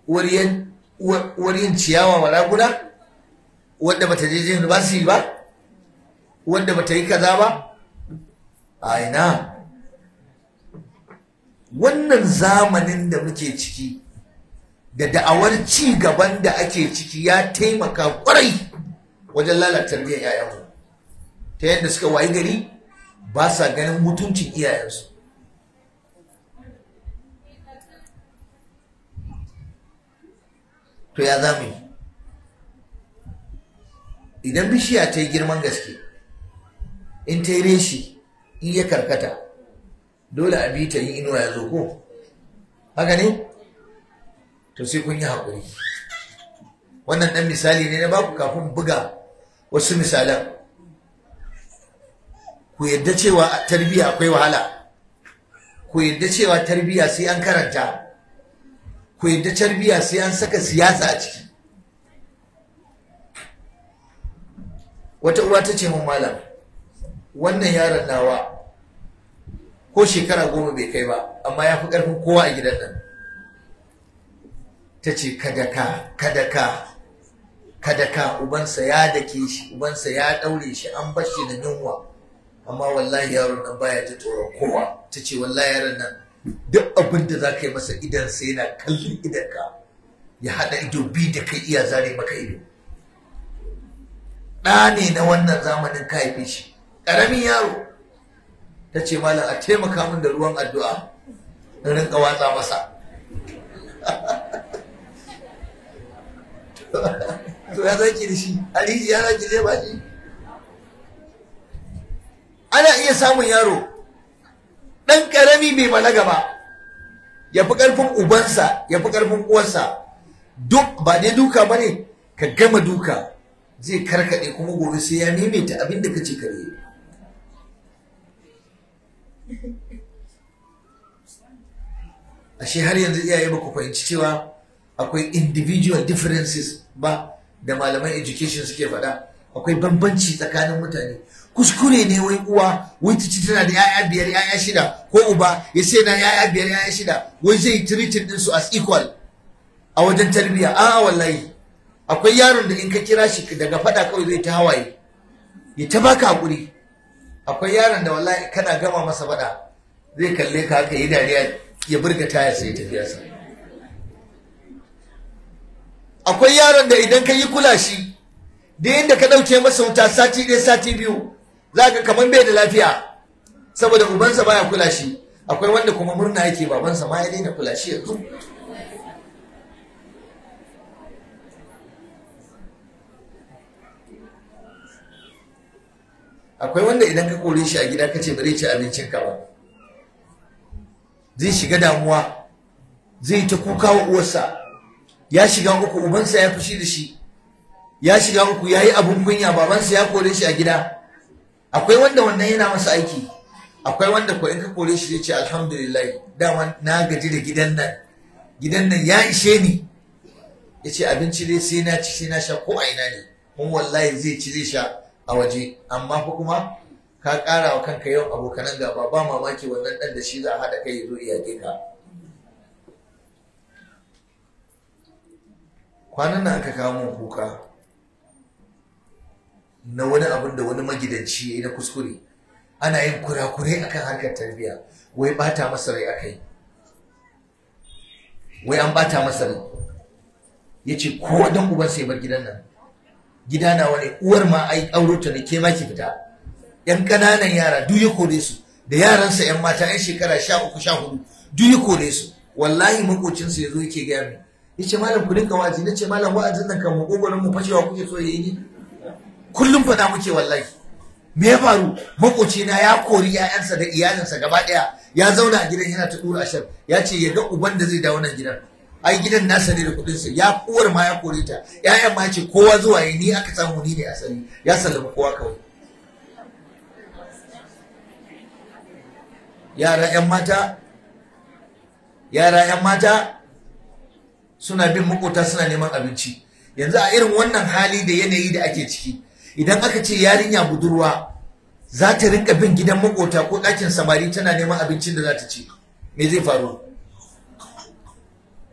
uwar yin ciyawa wa raguna wadda bata je university ba wadda bata yi kaza ba a ina wannan zamanin da muke ciki da da'awar ci gaban da ake ciki ya taimaka kwarai wajen lalata biyan yayanmu ta yadda suka wayi gari ba sa ganin mutuncin iyayensu to ya zamu yi idan bishiya ta yi girman gaske in ta yi reshi in ya karkata dole a bi ta yi inuwa ya zo ko haka ne to sai kun yi haƙuri wannan ɗan misali ne na baku kafin buga wasu misalan ku yadda cewa tarbiyya akwai wahala ku yadda cewa tarbiyya sai an karanta ku yadda tarbiyya sai an saka siyasa a ciki wata uwa ta ce mun malam wannan yaron nawa ko shekara goma bai kai ba amma ya fi ƙarfin kowa a gidan nan ta ce kadaka kadaka kadaka ubansa ya dake shi ubansa ya ɗaure shi an bar shi da yunwa amma wallahi yaron nan baya ta tsoron kowa ta ce wallahi yaron nan duk abin da za ka yi masa sai yana kallon ka? ya haɗa ido bi da kai iya zare maka ido ɗa ne na wannan zamanin ka haife shi ƙaramin yaro ta ce malam a taimaka min da ruwan addu'a in rinka watsa masa to ya zaki da shi aliji ya zaki zai baji ana iya samun yaro ɗan ƙarami bai balaga ba ya fi ƙarfin ubansa ya fi ƙarfin uwarsa duk ba dai duka ba ne ka gama duka zai karkaɗe kuma gobe sai ya nemeta, abin da ka ce kare ashe har yanzu iyaye ba ku fahimci cewa akwai individual differences ba da malaman education suke faɗa akwai bambanci tsakanin mutane kuskure ne wai uwa wai ci tana da yaya biyar yaya shida ko uba ya ce na yaya biyar yaya shida wai zai treating din su as equal a wajen tarbiyya a wallahi akwai yaron da in ka kira shi daga faɗa kawai zai ta hawaye ya ta baka hakuri akwai yaron da wallahi kana gama masa bada zai kalle ka haka yi dariya ya burga taya sai tafiya sa akwai yaron da idan ka yi kula shi da yadda ka ɗauke masa wuta sati ɗaya sati biyu za ka kamar bai da lafiya saboda ubansa baya kula shi akwai wanda kuma murna yake babansa ma ya daina kula shi yanzu akwai wanda idan ka kore shi a gida ka ce bari ci abincin ka ba zai shiga damuwa zai ta kuka wa uwarsa ya shiga uku ubansa ya fushi da shi ya shiga uku yayi yi abin kunya babansa ya kore shi a gida akwai wanda wannan yana masa aiki akwai wanda ko in ka kore shi zai ce alhamdulillah dama na gaji da gidan nan gidan nan ya ishe ni ya ce abinci dai sai na ci sai na sha ko a ina ne kuma wallahi zai ci zai sha a waje amma fa kuma ka ƙara wa kanka yau abokanan gaba ba mamaki wannan dan da shi za a haɗa kai ya zo iya ka kwanan nan aka kawo mun kuka na wani abin da wani magidanci ya yi na kuskure ana yin kurakurai akan harkar tarbiyya wai bata masa rai akai wai an bata masa rai ya ce ko dan uban sai bar gidan nan gida na wani uwar ma ai aurota da ke maki fita yan kananan yara duk ya kore su da yaransa yan mata yan shekara sha uku sha hudu duk ya kore su wallahi makocinsu ya zo yake gaya min ya ce malam ku dinka wa'azi na ce malam wa'azin nan kan makogoron mu fashewa kuke so ya yi ni kullum fada muke wallahi me ya faru makocina ya kori 'ya'yansa da iyalinsa gaba ɗaya ya zauna a gidan yana ta dura ashar ya ce ya ga uban da zai dawo nan gidan ai gidan nasa ne da kudin sa ya kuwar ma ya kore ta yayan ma ce kowa zuwa yi ni aka samu ni ne sani ya sallama kowa kawai yara yan mata yara ƴan mata suna bin makota suna neman abinci yanzu a irin wannan hali da yanayi da ake ciki idan aka ce yarinya budurwa za ta rinka bin gidan makota ko ɗakin samari tana neman abincin da za ta ci me zai faru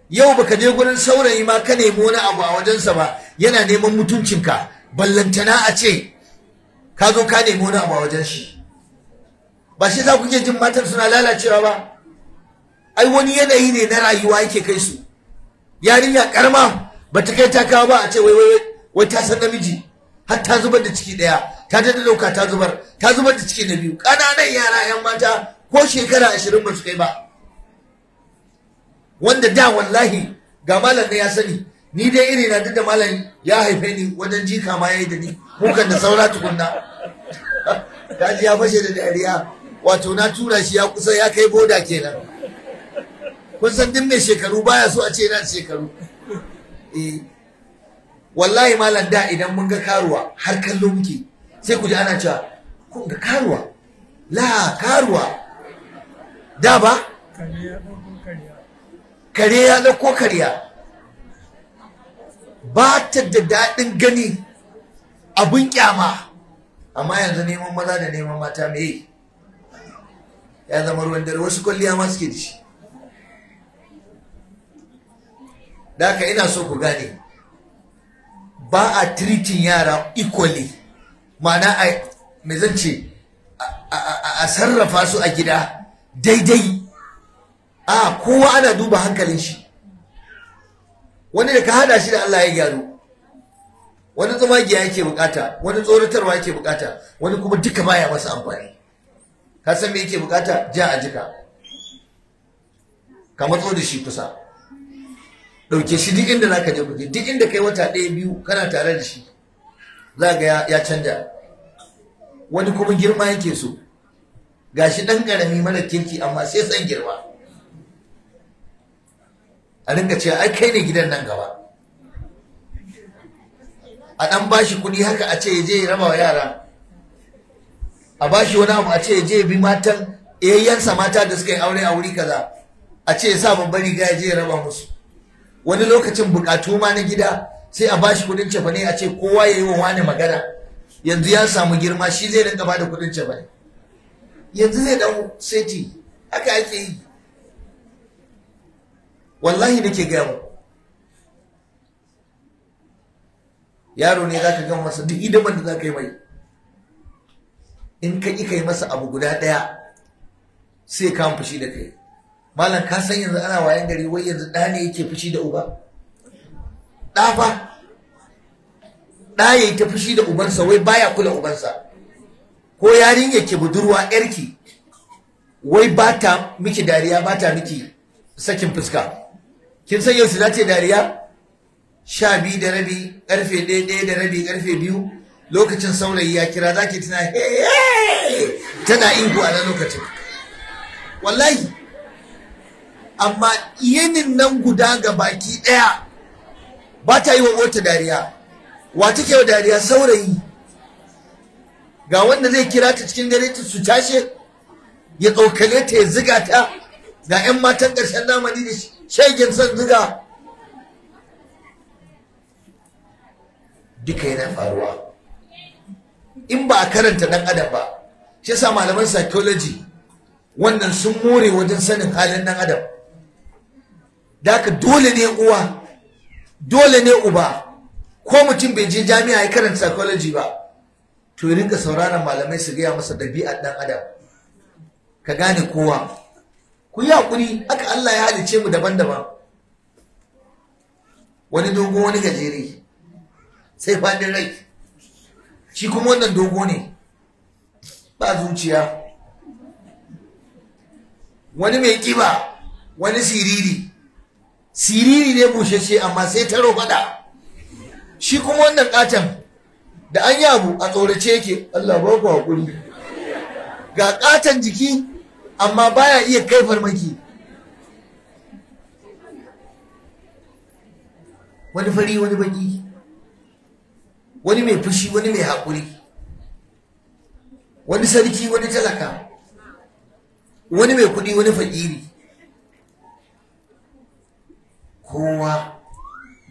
yau baka je gurin saurayi ma ka nemi wani abu a wajensa ba yana neman mutuncinka ballantana a ce ka zo ka nemi wani abu a wajen shi ba shi za kuke jin matar suna lalacewa ba ai wani yanayi ne na rayuwa yake kai su yarinya karma ba ta kai ta ba a ce wai wai ta san namiji har ta zubar da ciki daya ta da dauka ta zubar ta zubar da ciki na biyu ƙananan yara yan mata ko shekara ashirin ba su kai ba wanda da wallahi ga malam ne ya sani ni dai iri na duk da malam ya haife ni wajen jika ma yayi da ni kukan da saura tukunna kaji ya fashe da dariya wato na tura shi ya kusa ya kai boda kenan kun san duk mai shekaru baya so a ce na shekaru eh wallahi malam da idan mun ga karuwa har kallo muke sai ku ji ana cewa kun ga karuwa la karuwa da ba kare ya zo ko karya ba ta da daɗin gani abin kyama amma yanzu neman maza da neman mata me ya zama ruwan dare wasu kwalliya ma suke da shi da ina so ku gane ba a tiritin yara equally ma'ana a mai zan a sarrafa su a gida daidai a kowa ana duba hankalin shi wani da ka hada shi da Allah ya gyaru wani tsamagiya yake bukata wani tsoratarwa yake bukata wani kuma duka baya masa amfani ka san me yake bukata ja a jika ka matso da shi kusa dauke shi duk inda zaka je kuje duk inda kai wata ɗaya biyu kana tare da shi za ga ya canja wani kuma girma yake so gashi dan karami mara kirki amma sai san girma a rinka cewa ai kai ne gidan nan gaba a dan bashi kuɗi haka a ce ya je ya raba wa yara a bashi wani abu a ce ya je bi matan yayyansa mata da suka yi aure a wuri kaza a ce ya sa babban riga ya je ya raba musu wani lokacin bukatu ma na gida sai a bashi kuɗin ne a ce kowa ya yi wa wani magana yanzu ya samu girma shi zai rinka bada kuɗin ne yanzu zai ɗan seti haka ake yi wallahi ke gaya mu yaro ne za ka gan masa duk idaman da ka yi mai in ka ka yi masa abu guda ɗaya sai ka fushi da kai malam ka san yanzu ana wayan gari wai yanzu ɗa ne yake fushi da uba ɗa fa ɗa ya yi ta fushi da ubansa wai baya kula ubansa ko yarinya ke budurwa yarki wai ba ta miki dariya ba ta miki sakin fuska kin san yau za ce dariya sha biyu da rabi karfe ɗaya da rabi karfe biyu lokacin saurayi ya kira za ki tana tana ihu a nan lokacin wallahi amma yinin nan guda ga baki ɗaya ba ta yi wa wata dariya wa take wa dariya saurayi ga wanda zai kira ta cikin gare ta su tashe ya tsokale ta ya ziga ta ga 'yan matan ƙarshen zamani da shi shegen sandiga duka yana faruwa in ba a karanta dan adam ba shi yasa malaman psychology wannan sun more wajen sanin halin dan adam da ka dole ne uwa dole ne uba ko mutum bai je jami'a ya karanta psychology ba to ya rinka sauraron malamai su gaya masa ɗabi'ar ɗan adam ka gane kowa ku yi haƙuri aka Allah ya halice mu daban-daban wani dogo wani gajere sai faɗin rai shi kuma wannan dogo ne ba zuciya wani mai ƙiba wani siriri siriri ne bushashe amma sai taro faɗa shi kuma wannan ƙaton, da an abu a tsorace yake Allah ba ku haƙuri ga ƙaton jiki amma baya iya kai farmaki wani fari wani baki wani mai fushi wani mai haƙuri wani sarki wani talaka wani mai kuɗi wani fakiri kowa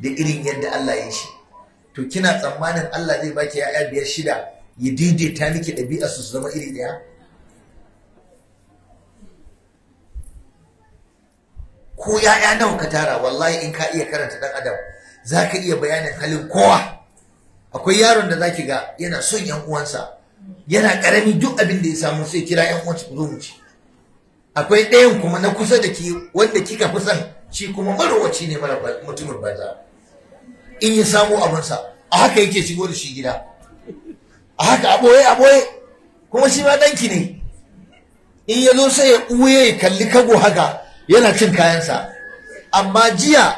da irin yadda Allah ya shi to kina tsammanin Allah zai baki ya'ya biyar shida ya daidaita miki ɗabi'a su zama iri ɗaya ko ya'ya nawa ka tara wallahi in ka iya karanta dan adam za ka iya bayanin halin kowa akwai yaron da zaki ga yana son yan uwansa yana karami duk abin da ya samu sai kira yan uwansa ku zo mu ci akwai ɗayan kuma na kusa da ki wanda kika fi san shi kuma marowaci ne mara mutumin banza in ya samu abinsa a haka yake shigo da shi gida a haka aboye-aboye. kuma shi ma ɗanki ne in ya zo sai ya ɓuye ya kalli kago haka yana cin kayansa amma jiya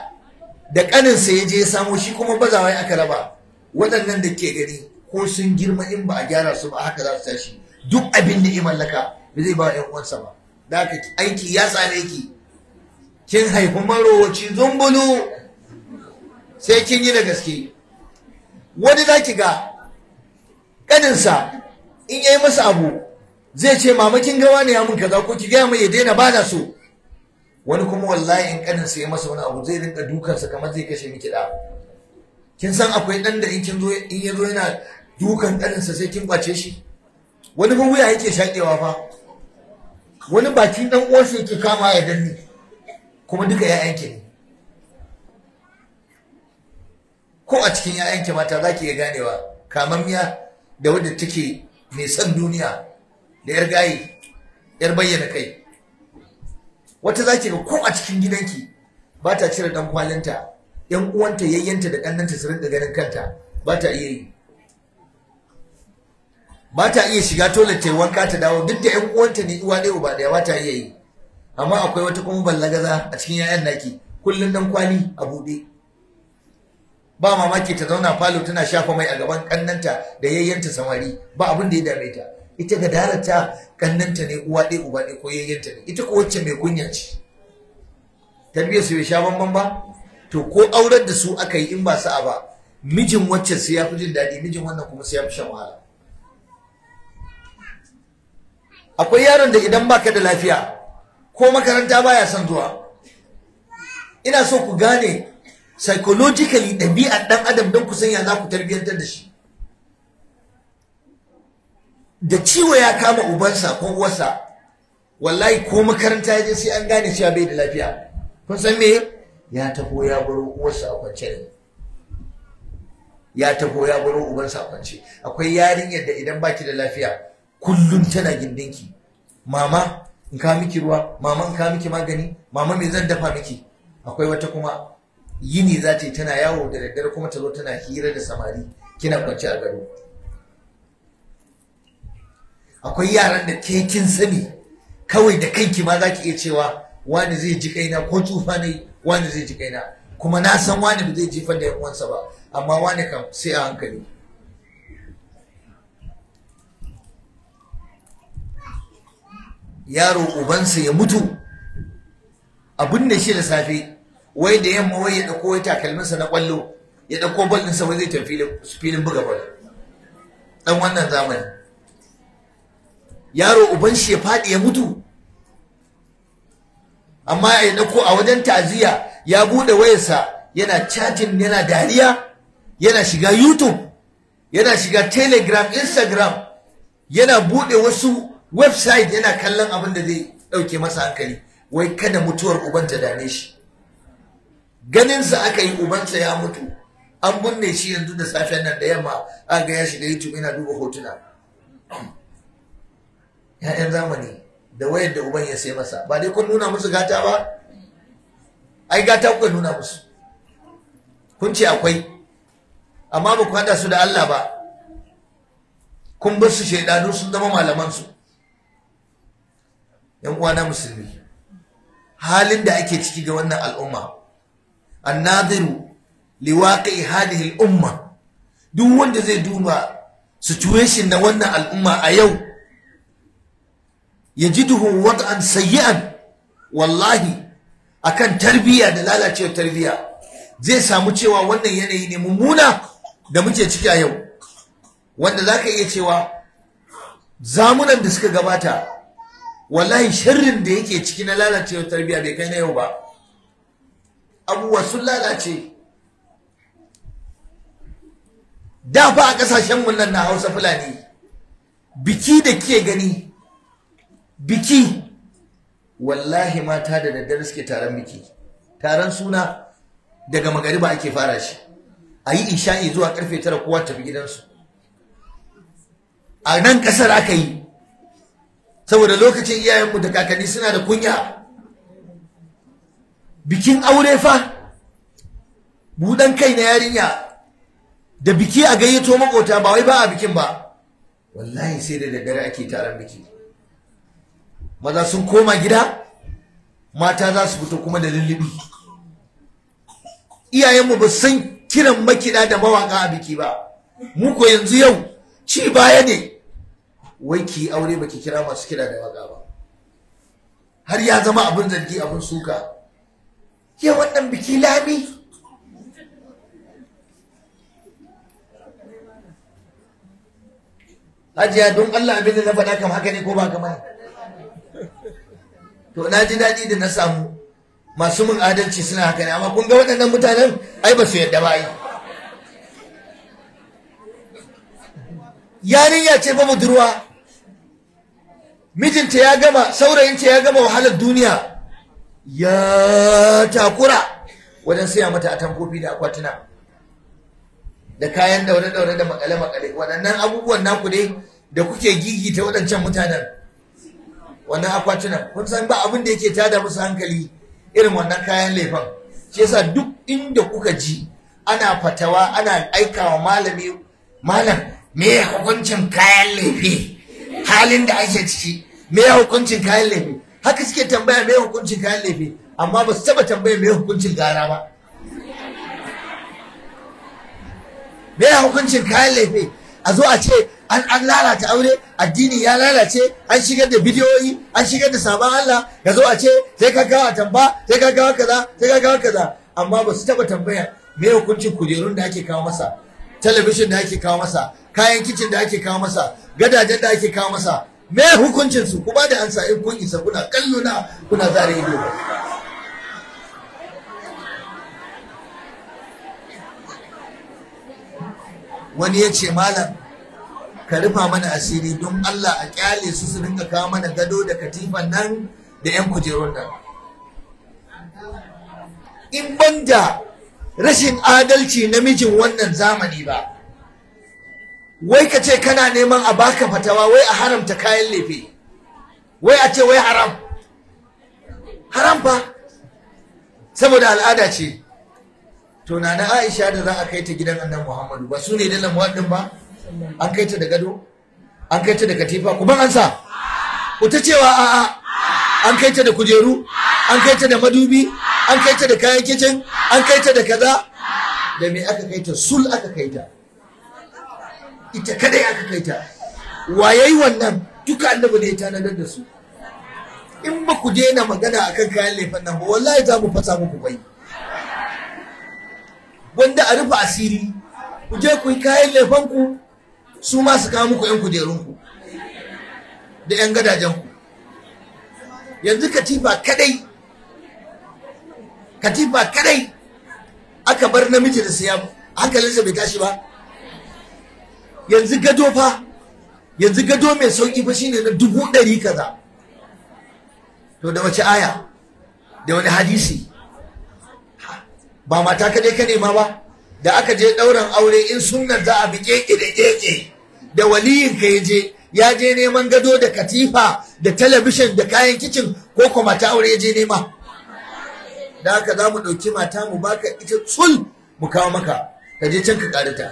da kaninsa ya je ya samo shi kuma bazawa aka raba waɗannan da ke gani ko sun girma in ba a gyara su ba haka za su tashi duk abin da ya mallaka ba zai ba yan uwansa ba da aka aiki ya tsare ki kin haifi marowaci zumbulu sai kin yi da gaske wani za ki ga kaninsa in yayi masa abu zai ce mama kin ga wani ya mun kaza ko ki gaya mai ya daina ba da so wani kuma wallahi in kanin sai masa wani abu zai rinka dukansa kamar zai kashe miki da kin san akwai dan da in kin zo in ya zo yana dukan sa sai kin kwace shi wani kuma wuya yake shakewa fa wani bakin dan shi yake kama ya danne kuma duka ya'yanki ne ko a cikin ya'yanki mata za ki iya ganewa miya da wadda take mai san duniya da yar gayi yar bayyana kai wata za ki ga ko a cikin gidanki ba ta cire dan kwalinta yan uwanta yayyanta da kannanta su rinka ganin kanta ba ta iya yi ba ta iya shiga toilet ta wanka ta dawo duk da yan uwanta ne uwa ɗaya ba ɗaya ba ta iya yi amma akwai wata kuma ballagaza a cikin yayan naki kullum dan kwali a buɗe ba mamaki ta zauna falo tana shafa mai a gaban kannanta da yayyanta samari ba abin da ya dame ta ita ga darata kannanta ne uwa ɗai uba ɗai ko yayyanta ne ita ko wacce mai kunya ce tarbiyyar su bai sha bamban ba to ko aurar da su aka yi in ba sa'a ba mijin wacce su ya fi jin daɗi mijin wannan kuma su ya fi shan wahala akwai yaron da idan baka da lafiya ko makaranta baya son zuwa ina so ku gane psychologically ɗabi'ar ɗan adam don ku sanya za ku tarbiyyantar da shi da ciwo ya kama ubansa ko uwarsa wallahi ko makaranta ya je sai an gane cewa bai da lafiya kun san me ya taho ya baro uwarsa a kwance ya taho ya baro ubansa a kwance akwai yarinyar da idan baki da lafiya kullum tana gindinki mama in ka miki ruwa mama in ka miki magani mama me zan dafa miki akwai wata kuma yini za yi tana yawo da daddare kuma ta zo tana hira da samari kina kwance a gado akwai yaran da ke kin sani kawai da kanki ma za ki iya cewa wani zai ji kaina ko tufa ne wani zai ji kaina kuma na san wani ba zai jefar da uwansa ba amma wani kam sai a hankali yaro ubansa ya mutu abin da shi da safe wai da yamma wai ya dauko wai takalminsa na kwallo ya dauko bal wai zai tafi filin buga bal dan wannan zamani yaro uban shi ya faɗi ya mutu amma ya ko a wajen ta'aziyya ya bude wayarsa yana chatting yana dariya yana shiga YouTube yana shiga Telegram Instagram yana bude wasu website yana kallon abin da zai dauke masa hankali wai kada mutuwar uban ta dane shi ganinsa aka yi ubansa ya mutu an bunne shi yanzu da safen nan da yamma aka ya shiga YouTube yana duba hotuna 'ya'yan zamani da wayar da uban ya sai masa ba dai kun nuna musu gata ba ai gata kuka nuna musu kun ce akwai amma ba ku haɗa su da Allah ba kun bar su shaidanu sun zama malamansu yan uwana musulmi halin da ake ciki ga wannan al'umma annadiru liwaqi hadhihi umma, duk wanda zai duba situation na wannan al'umma a yau Ya ji yajiduhu wad'an sayyi'an wallahi a kan tarbiyya da lalacewar tarbiyya zai samu cewa wannan yanayi ne mummuna da muke ciki a yau wanda za ka iya cewa zamunan da suka gabata wallahi shirin da yake ciki na lalacewar tarbiyya bai kai na yau ba abubuwa sun lalace dafa a kasashen nan na Hausa Fulani biki da ke gani biki wallahi mata da daddare suke taron biki taron suna daga magariba ake fara shi a yi isha'i zuwa karfe tara kowa tafi gidansu a nan kasar aka yi saboda lokacin iyayenmu da kakanni suna da kunya bikin aure fa budan kai na yarinya da biki a gayyato makota ba wai ba a bikin ba wallahi sai da daddare ake taron biki maza sun koma gida mata za su fito kuma da lullubi iyayenmu ba san kiran makiɗa da mawaƙa a biki ba mu ko yanzu yau ci baya ne wai ki aure baki kira masu kira da waƙa ba har ya zama abin zargi abin suka ya wannan biki lami Hajiya don Allah abin da na faɗa kam haka ne ko ba kamar to na ji daɗi da na samu masu mun adalci suna haka ne amma kun ga waɗannan mutanen ai ba su yadda ba yi yarinya ce ba budurwa mijinta ya gama saurayinta ya gama wahalar duniya ya takura wajen siya mata a tankofi da akwatuna da kayan daure-daure da makale-makale waɗannan abubuwan naku ne da kuke gigita waɗancan mutanen wannan akwatunan kun san ba abin da yake tada musu hankali irin wannan kayan laifin shi yasa duk inda kuka ji ana fatawa ana aikawa malami malam me ya hukuncin kayan laifi halin da ake ciki me ya hukuncin kayan laifi haka suke tambaya me ya hukuncin kayan laifi amma ba su taba tambaya me ya hukuncin gara ba me ya hukuncin kayan laifi a zo a ce an lalata aure addini ya lalace an shigar da bidiyoyi an shigar da sabon Allah ka zo a ce sai ka gawa tamba sai ka gawa kaza sai ka gawa kaza amma ba su taba tambaya me hukuncin kujerun da ake kawo masa talabishin da ake kawo masa kayan kicin da ake kawo masa gadajen da ake kawo masa me hukuncin su kuma da ansa in kun isa kuna kalluna na kuna zare ido wani ya ce malam ka rufa mana asiri don Allah a kyale su su rinka kawo mana gado da katifan nan da 'yan kujerun nan in ban da rashin adalci namijin wannan zamani ba wai ka ce kana neman a baka fatawa wai a haramta kayan lefe wai a ce wai haram haram fa saboda al'ada ce to na na Aisha da za a kai ta gidan annan Muhammadu ba su ne da lamuwan din ba an kai ta da gado an kai ta da katifa ku ban ansa ku ta cewa a'a an kai ta da kujeru an kai ta da madubi an kai ta da kayan kicin an kai ta da kaza da me aka kai ta sul aka kai ta ita kadai aka kai ta wayayi wannan duka annabi ne ya tanadar da su in ba ku daina magana akan kayan lefan nan ba wallahi za mu fasa muku bai wanda a rufe asiri ku je ku yi kayan laifanku su ma su kawo muku 'yan kujerunku da 'yan gadajenku yanzu katifa kadai katifa kadai aka bar namiji da siya hankalinsa bai tashi ba yanzu gado fa yanzu gado mai sauki fa shine na dubu ɗari kaza to da wace aya da wani hadisi ba mata kaɗai ka nema ba da aka je ɗauran aure in sunan za a bi keke da keke da waliyin ka ya je ya je neman gado da katifa da talabishin da kayan kicin ko kuma mata aure ya je nema da haka za mu ɗauki mata mu baka ita tsul mu kawo maka ka je can ka ta.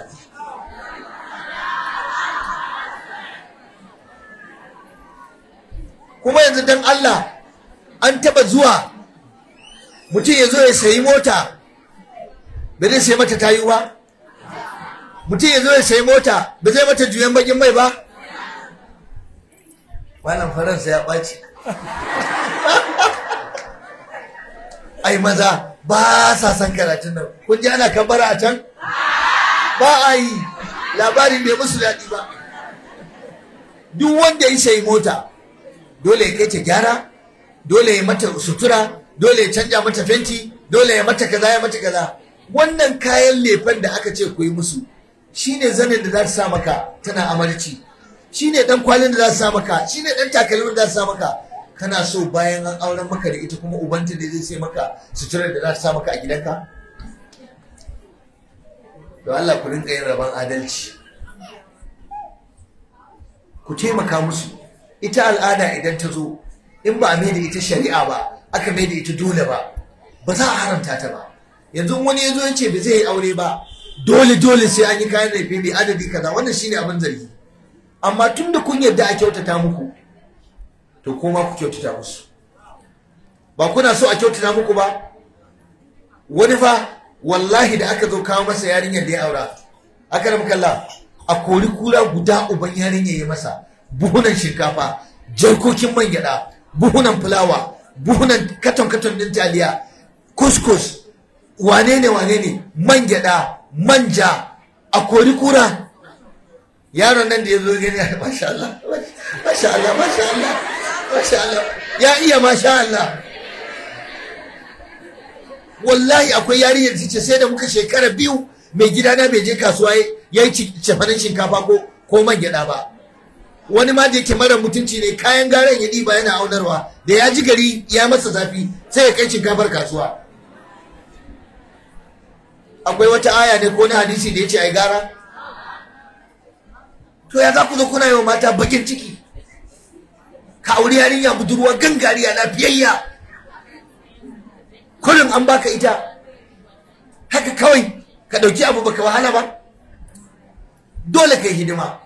kuma yanzu dan Allah an taɓa zuwa mutum ya zo ya sayi mota ba zai sai mata tayu ba mutum ya zo ya sai mota ba zai mata juyen bakin mai ba wannan faransa ya ɓaci ai maza ba sa san karatun nan kun ji ana kabara a can ba a yi labarin bai musu daɗi ba duk wanda ya sai mota dole ya kai ta gyara dole ya mata sutura dole ya canja mata fenti dole ya mata kaza ya mata kaza wannan kayan lefen da aka ce ku yi musu shine zanen da za ta sa maka tana amarci shine dan kwalin da za ta sa maka shine dan takalmin da za ta sa maka kana so bayan an auren maka da ita kuma ubanta da zai sai maka suturar da za ta sa maka a gidanka don Allah ku rinka yin rabon adalci ku taimaka musu ita al'ada idan ta zo in ba a mai da ita shari'a ba aka mai da ita dole ba ba za a haramta ta ba yanzu wani ya zo ya ce ba zai yi aure ba dole dole sai an yi kayan laifi mai adadi kaza wannan shine abin zargi amma tun da kun yadda a kyautata muku to koma ku kyautata musu ba kuna so a kyautata muku ba wani fa wallahi da aka zo kawo masa yarinyar da ya aura aka da mukalla a kori kula guda uban yarinyar ya masa buhunan shinkafa jarkokin man gyada buhunan fulawa buhunan katon katon din taliya kuskus wane ne wane ne man gyada manja a kori kura yaron nan da ya zo gani a masha Allah masha Allah masha Allah masha Allah ya iya masha Allah wallahi akwai yari da ce sai da muka shekara biyu mai na bai je kasuwa ya yi cefanin shinkafa ko ko man gyada ba wani ma da yake mara mutunci ne kayan garan ya ɗiba yana aunarwa da ya ji gari ya masa zafi sai ya kai shinkafar kasuwa akwai wata aya ne ko na hadisi da ya ce yi gara to ya za ku zo kuna yi wa mata bakin ciki ka auri yarinya budurwa gangariya biyayya? kullum an baka ita haka kawai ka ɗauki abu baka wahala ba dole ka yi hidima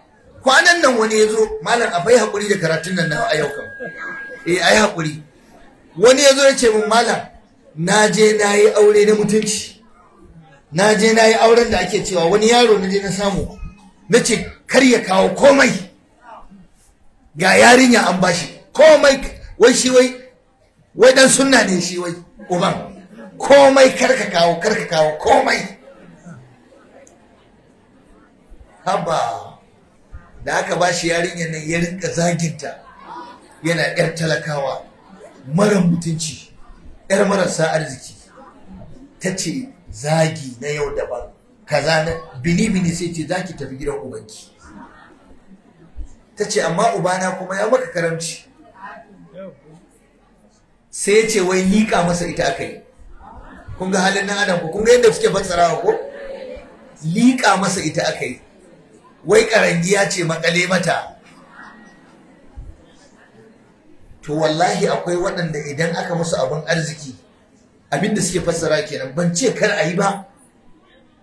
kwanan nan wani ya zo malam akwai haƙuri da karatun nan na yau kam eh ai haƙuri wani ya zo ya ce min malam na je na yi aure na mutunci na je na yi auren da ake cewa wani yaro na je na samu na ce kar ya kawo komai ga yarinya an bashi komai wai shi wai wai dan sunna ne shi wai uban komai karka kawo karka kawo komai haba da aka bashi yarinya nan ya rinka zaginta yana yar talakawa mara mutunci yar marasa arziki ta ce zagi na yau daban kaza na bini bini sai ce zaki tafi gidan ubanki ta ce amma ubana kuma ya maka karamci sai ce wai liƙa masa ita aka yi kun ga halin nan adam ku kun ga yadda suke fassarawa ko liƙa masa ita aka yi wai karangiya ce makale mata to wallahi akwai waɗanda idan aka musu abin arziki abin da suke fassara kenan ban ce kar a yi ba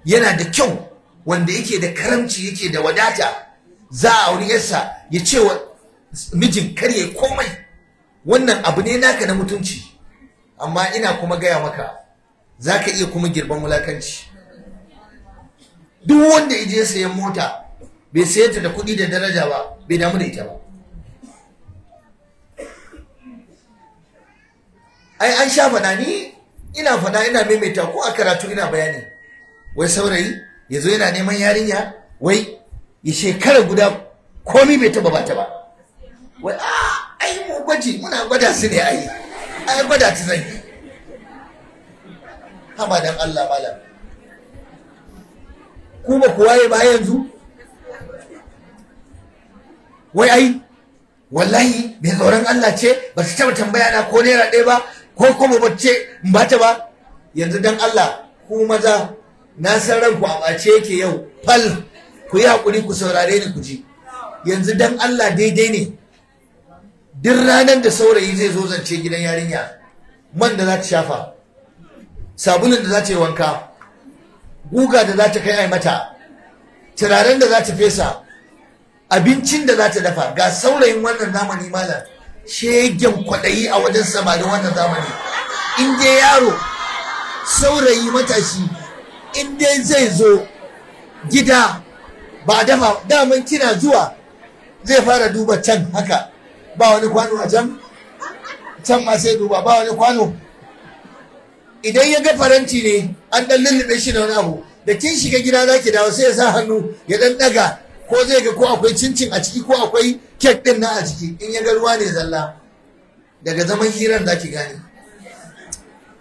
yana da kyau wanda yake da karamci yake da wadata za a auri yarsa ya ce wa mijin kar ya komai wannan abu ne naka na mutunci amma ina kuma gaya maka za ka iya kuma girban wulakanci duk wanda ya je sayan mota bai sayar da kuɗi da daraja ba bai damu da ita ba ai an sha faɗa ni ina faɗa ina maimaita ko a karatu ina bayani wai saurayi ya zo yana neman yarinya wai ya shekara guda komi bai taba bata ba wai a ah, ai mu gwaji muna gwada su ne ai ai gwada ta zai haba dan Allah malam ku ba ku waye ba yanzu wai ai wallahi bai tsoron Allah ce ba su taba tambaya na ko naira ɗaya ba ko kuma bacce in bata ba yanzu dan Allah ku maza na san ranku a bace yake yau fal ku yi hakuri ku saurare ni ku ji yanzu dan Allah daidai ne duk ranar da saurayi zai zo zance gidan yarinya man da za ta shafa sabulun da za ta yi wanka guga da za ta kai ai mata turaren da za ta fesa abincin da za ta dafa ga saurayin wannan zamani malam shegen kwaɗayi a wajen da wannan zamani in dai yaro saurayi matashi in dai zai zo gida ba dafa daman kina zuwa zai fara duba can haka ba wani kwano a can can ma sai duba ba wani kwano idan ya ga faranti ne an ɗan lullube shi da wani abu da kin shiga gida za ki dawo sai ya sa hannu ya ɗan ɗaga ko zai ga ko akwai cincin a ciki ko akwai kek din na a ciki in ya ga ruwa ne zalla daga zaman hirar za ki gane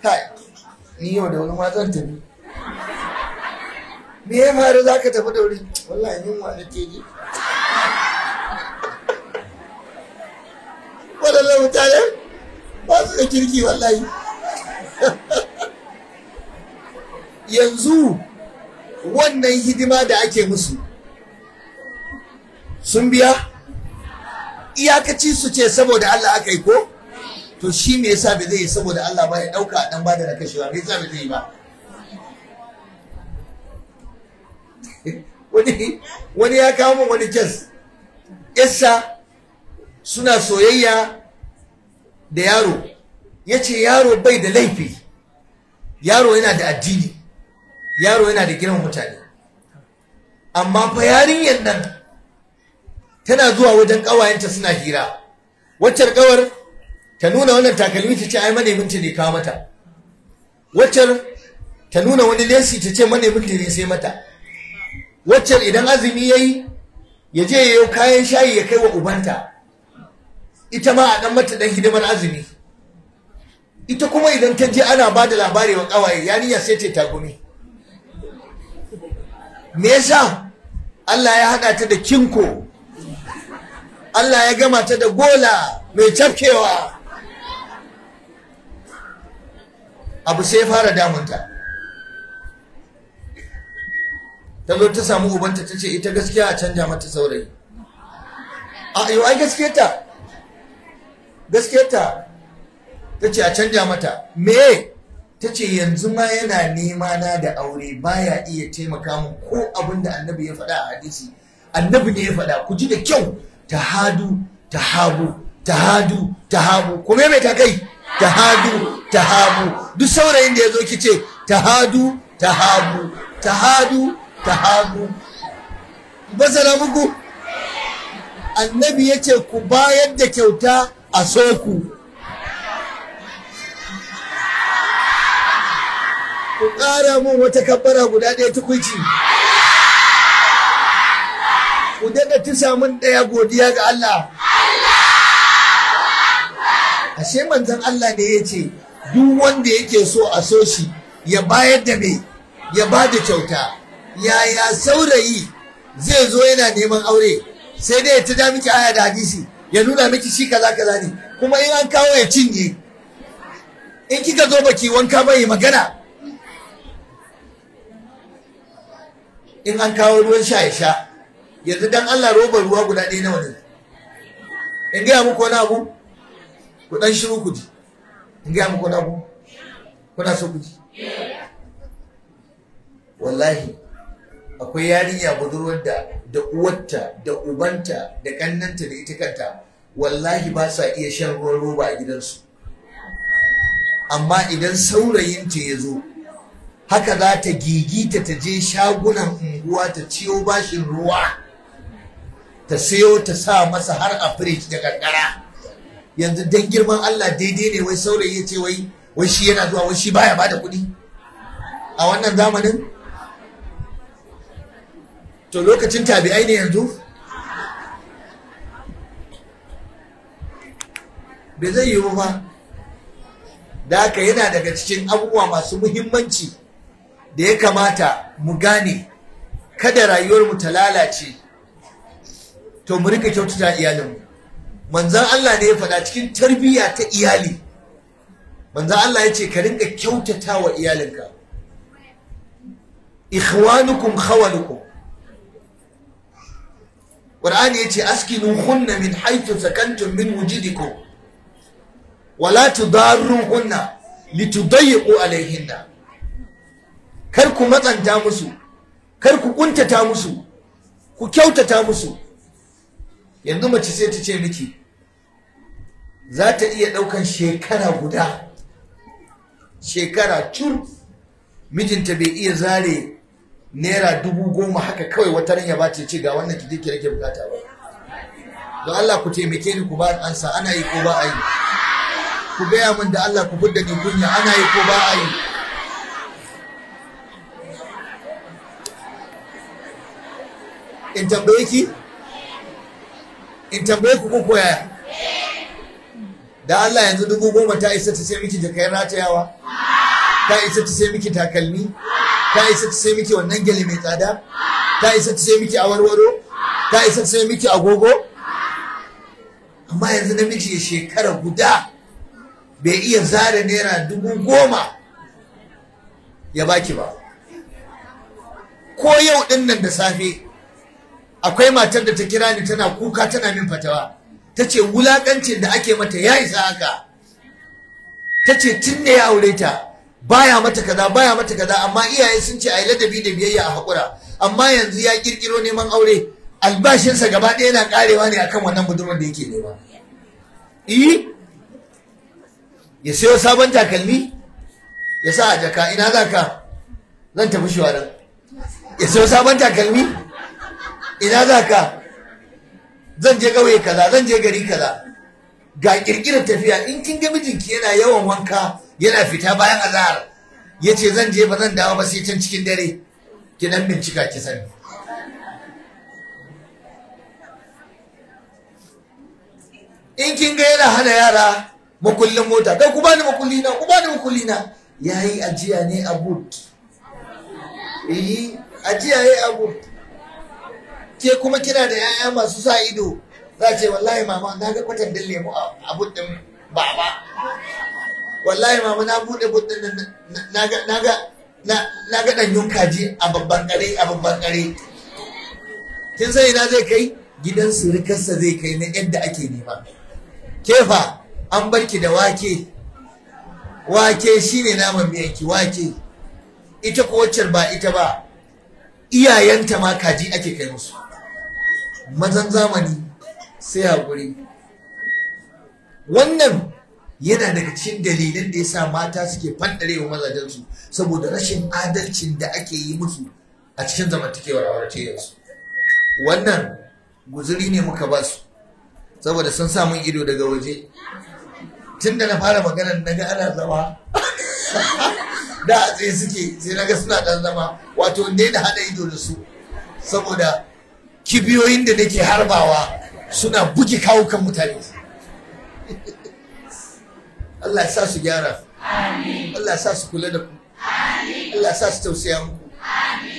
kai ni yau da wani mazan tafi me ya faru za ka tafi da wuri wallahi yin wani teji wadannan mutane ba su da kirki wallahi yanzu wannan hidima da ake musu sun biya iyakaci su ce saboda Allah aka yi ko to shi me yasa bai zai yi saboda Allah ba ya dauka dan ba da kashewa me yasa bai zai yi ba wani wani ya kawo min wani kes yasa suna soyayya da yaro yace yaro bai da laifi yaro yana da addini yaro yana da girman mutane amma fa yarinyan nan tana zuwa wajen kawayenta suna hira waccar kawar ta nuna wannan takalmi ta ce ai maneminta ne kawo mata waccar ta nuna wani lesi ta ce maneminta ne sai mata waccar idan azumi ya yi ya je ya kayan shayi ya kai wa ubanta ita ma a dan mata ɗan hidimar azumi ita kuma idan ta je ana ba da labari wa ƙawaye yarinya sai ta tagumi me yasa Allah ya haɗa ta da kinko Allah ya gama ta da gola mai cafkewa abu sai ya fara damunta ta zo ta samu ubanta ta ce ita gaskiya a canja mata saurayi a yau ai gaskiyarta gaskiyarta ta ce a canja mata me ta ce yanzu ma yana nema na da aure baya iya taimaka min ko abin annabi ya faɗa a hadisi annabi ne ya faɗa ku ji da kyau tahadu tahabu tahadu tahabu ko me ta kai tahadu tahabu duk saurayin da ya zo kice tahadu tahabu tahadu tahabu basara muku annabi ya ce ku bayar da kyauta a soku ku ƙara mun wata kabbara guda ɗaya tukunci. ku daga tisa mun ɗaya godiya ga Allah. Allah Ashe manzan Allah ne ya ce, duk wanda yake so a so shi ya bayar da me, ya ba da kyauta, yaya saurayi zai zo yana neman aure, sai dai ya ta miki aya da hadisi, ya nuna miki shi kaza kaza ne, kuma in an kawo ya cinye. In kika zo baki wanka bai magana. In an kawo ruwan sha ya sha. yanzu dan Allah roba ruwa guda ɗaya nawa ne in gaya muku wani abu ku dan shiru ku ji in gaya muku wani abu kuna so ku ji wallahi akwai yarinya budurwar da da uwarta da ubanta da kannanta da ita kanta wallahi ba sa iya shan ruwan roba a gidansu amma idan saurayinta ya zo haka za ta gigita ta je shagunan unguwa ta ciyo bashin ruwa ta sayo ta sa masa har a firij da kankara yanzu don girman Allah daidai ne wai saurayi ya ce wai wai shi yana zuwa wai shi baya bada kuɗi a wannan zamanin to lokacin tabi'ai ne yanzu bai zai yiwu ba da haka yana daga cikin abubuwa masu muhimmanci da ya kamata mu gane kada rayuwar mu ta lalace to mu rika kyautata iyalinmu manzan Allah ne ya faɗa cikin tarbiyya ta iyali manzan Allah ya ka rinka kyautata wa iyalinka ikhwanukum khawalukum Qur'ani yace askinu hunna min haythu sakantum min wujidikum wala tudarruhunna litudayyiqu alayhinna kar ku matsanta musu kar ku kuntata musu ku kyautata musu yanzu mace sai ta ce miki za ta iya ɗaukan shekara guda shekara cur mijinta bai iya zare naira dubu goma haka kawai wata ya ba ce ga wannan ki ki rage bukata ba don Allah ku taimake ni ku ba ansa ana yi ko ba a yi ku gaya min da Allah ku fidda ni kunya ana yi ko ba a yi in tambayi ki in tambaye ku ko yaya da Allah yanzu dubu goma ta isa ta sai miki jakai ratayawa ta isa ta sai miki takalmi ta isa ta sai miki wannan gali mai tsada ta isa ta sai miki awarwaro ta isa ta sai miki agogo amma yanzu namiji ya shekara guda bai iya zara naira dubu goma ya baki ba ko yau nan da safe akwai matar da ta kira ni tana kuka tana min fatawa ta ce wulaƙancin da ake mata ya isa haka ta ce tun da ya aure ta baya mata kaza baya mata kaza amma iyaye sun ce a yi ladabi da biyayya a haƙura amma yanzu ya ƙirƙiro neman aure albashinsa gaba ɗaya yana ƙarewa ne akan wannan budurwar da yake nema eh ya sayo sabon takalmi ya sa a jaka ina za ka zan tafi shi ya sayo sabon takalmi ina za ka zan je ƙauye kaza zan je gari kaza ga kirkirar tafiya in kin ga mijinki yana yawan wanka yana fita bayan azahar ya ce zan je ba zan dawo ba sai can cikin dare ki nan bincika ki sani in kin ga yana hana yara makullin mota ga ku bani makulli na ku bani makulli na yayi ajiya ne a boot eh ajiya yayi a boot ke kuma kina da yaya masu sa ido za ce wallahi mama na ga kwatan din lemu a buɗin baba wallahi mama na buɗe buɗin da na ga na ga ɗanyun kaji a babban ƙare a babban ƙare kin san ina zai kai gidan surukarsa zai kai na yadda ake nema kefa an barki da wake wake shine naman miyanki wake ita ko ba ita ba iyayenta ma kaji ake kai musu mazan zamani sai haƙuri wannan yana daga cikin dalilin da ya sa mata suke fandarewa mazajensu saboda rashin adalcin da ake yi musu a cikin zamantakewar auratayyarsu wannan guzuri ne muka ba su saboda sun samun ido daga waje tun da na fara maganar na ga ana zama da a tsaye suke sai na ga suna ɗan zama wato ne na haɗa ido da su saboda kibiyoyin da nake harbawa suna buge kawukan mutane Allah sa su gyara Allah sa su kula da ku Allah sa su tausaya muku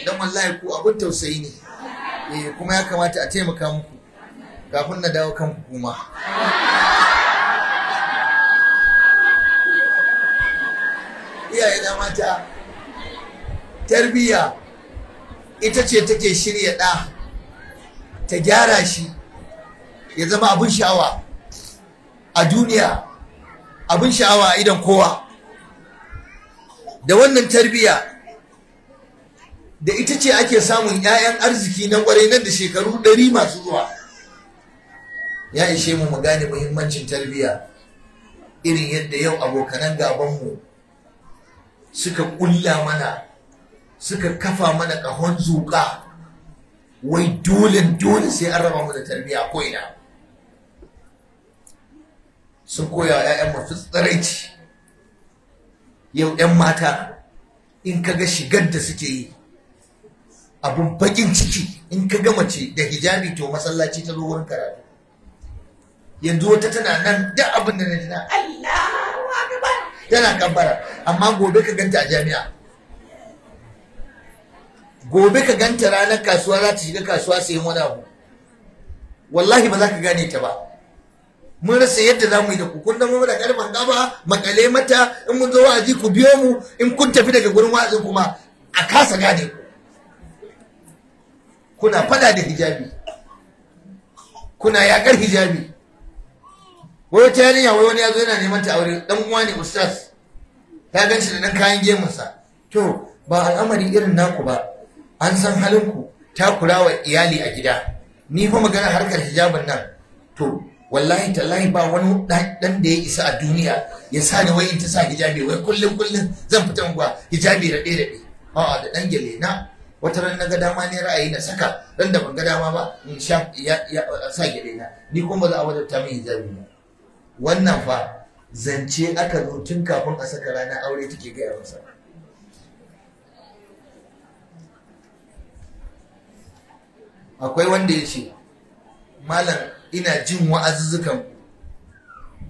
Don wallahi ku abin tausayi ne eh kuma ya kamata a taimaka muku kafin na dawo kan kuma iyaye na mata tarbiyya ita ce take shirya ɗa ta gyara shi ya zama abin sha'awa a duniya abin sha'awa a idan kowa da wannan tarbiyya da ita ce ake samun 'ya'yan arziki na kwarai nan da shekaru ɗari masu zuwa ya ishe mu mu gane muhimmancin tarbiyya irin yadda yau abokanan gabanmu suka ƙulla mana suka kafa mana ƙahon zuƙa wai dole dole sai an raba mu da tarbiya ko ina sun koya wa 'ya'yan mafi tsiraici yau 'yan mata in ka ga shigar da suke yi abun bakin ciki in ka ga mace da hijabi to masallaci ta zo wurin karatu yanzu wata tana nan da abin da na jina Allah yana kabbara amma gobe ka ganta a jami'a gobe ka ganta ranar kasuwa za ta shiga kasuwa sai wani abu wallahi ba za ka gane ta ba mun rasa yadda za mu yi da ku kun zama da karfin gaba makale mata in mun zo wa'azi ku biyo mu in kun tafi daga gurin wa'azin kuma a kasa gane ku kuna fada da hijabi kuna yakar hijabi wai ta yarinya wai wani ya zo yana neman ta aure dan uwa ne ustaz ta ganshi da dan kayan gemunsa to ba al'amari irin naku ba an san halinku ta wa iyali a gida ni fa magana harkar hijabin nan to wallahi tallahi ba wani dan da ya isa a duniya ya sa ni wai in ta sa hijabi wai kullum kullum zan fita unguwa hijabi da da raɗe a'a da dan gele na wata ran na ga dama ne ra'ayi na saka ran da ban ga dama ba in sha ya sa gele na ni kuma ba za a wadata min hijabi ba wannan fa zance aka zo tun kafin a saka ranar aure take gaya masa akwai wanda ya ce malam ina jin wa'azuzzukan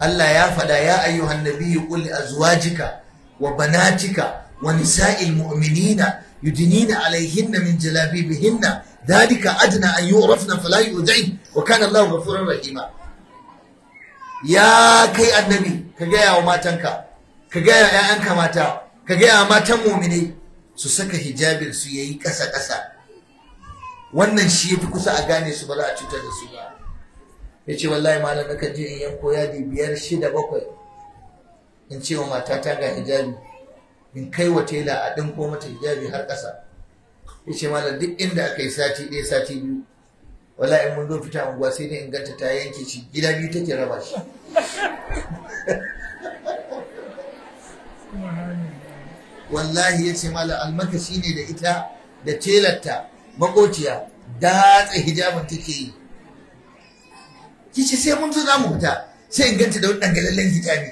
Allah ya faɗa ya ayyuhan nabiyyu qul li azwajika wa banatika wa nisa'il mu'minina yudnina alayhinna min jalabibihinna dhalika adna an yu'rafna fala yu'zain wa kana Allahu ghafurur rahima ya kai annabi ka gaya wa matanka ka gaya wa 'ya'yanka mata ka gaya wa matan mu'mini su saka hijabin su yayi ƙasa-ƙasa wannan shi ya fi kusa a gane su ba za a cutar da su ba ya ce wallahi malam nakan je in yanko yadi biyar shida bakwai in ce wa matata ga hijabi in kai wa tela a ɗinko komata hijabi har ƙasa ya ce malam duk inda aka yi sati ɗaya sati biyu wala in mun zo fita unguwa sai dai in ta yanke shi gida biyu take raba shi wallahi ya ce malam almakashi ne da ita da telarta makociya datsa hijabin take yi kice sai mun zo za mu fita sai in ganta da wani dangalallen hijabi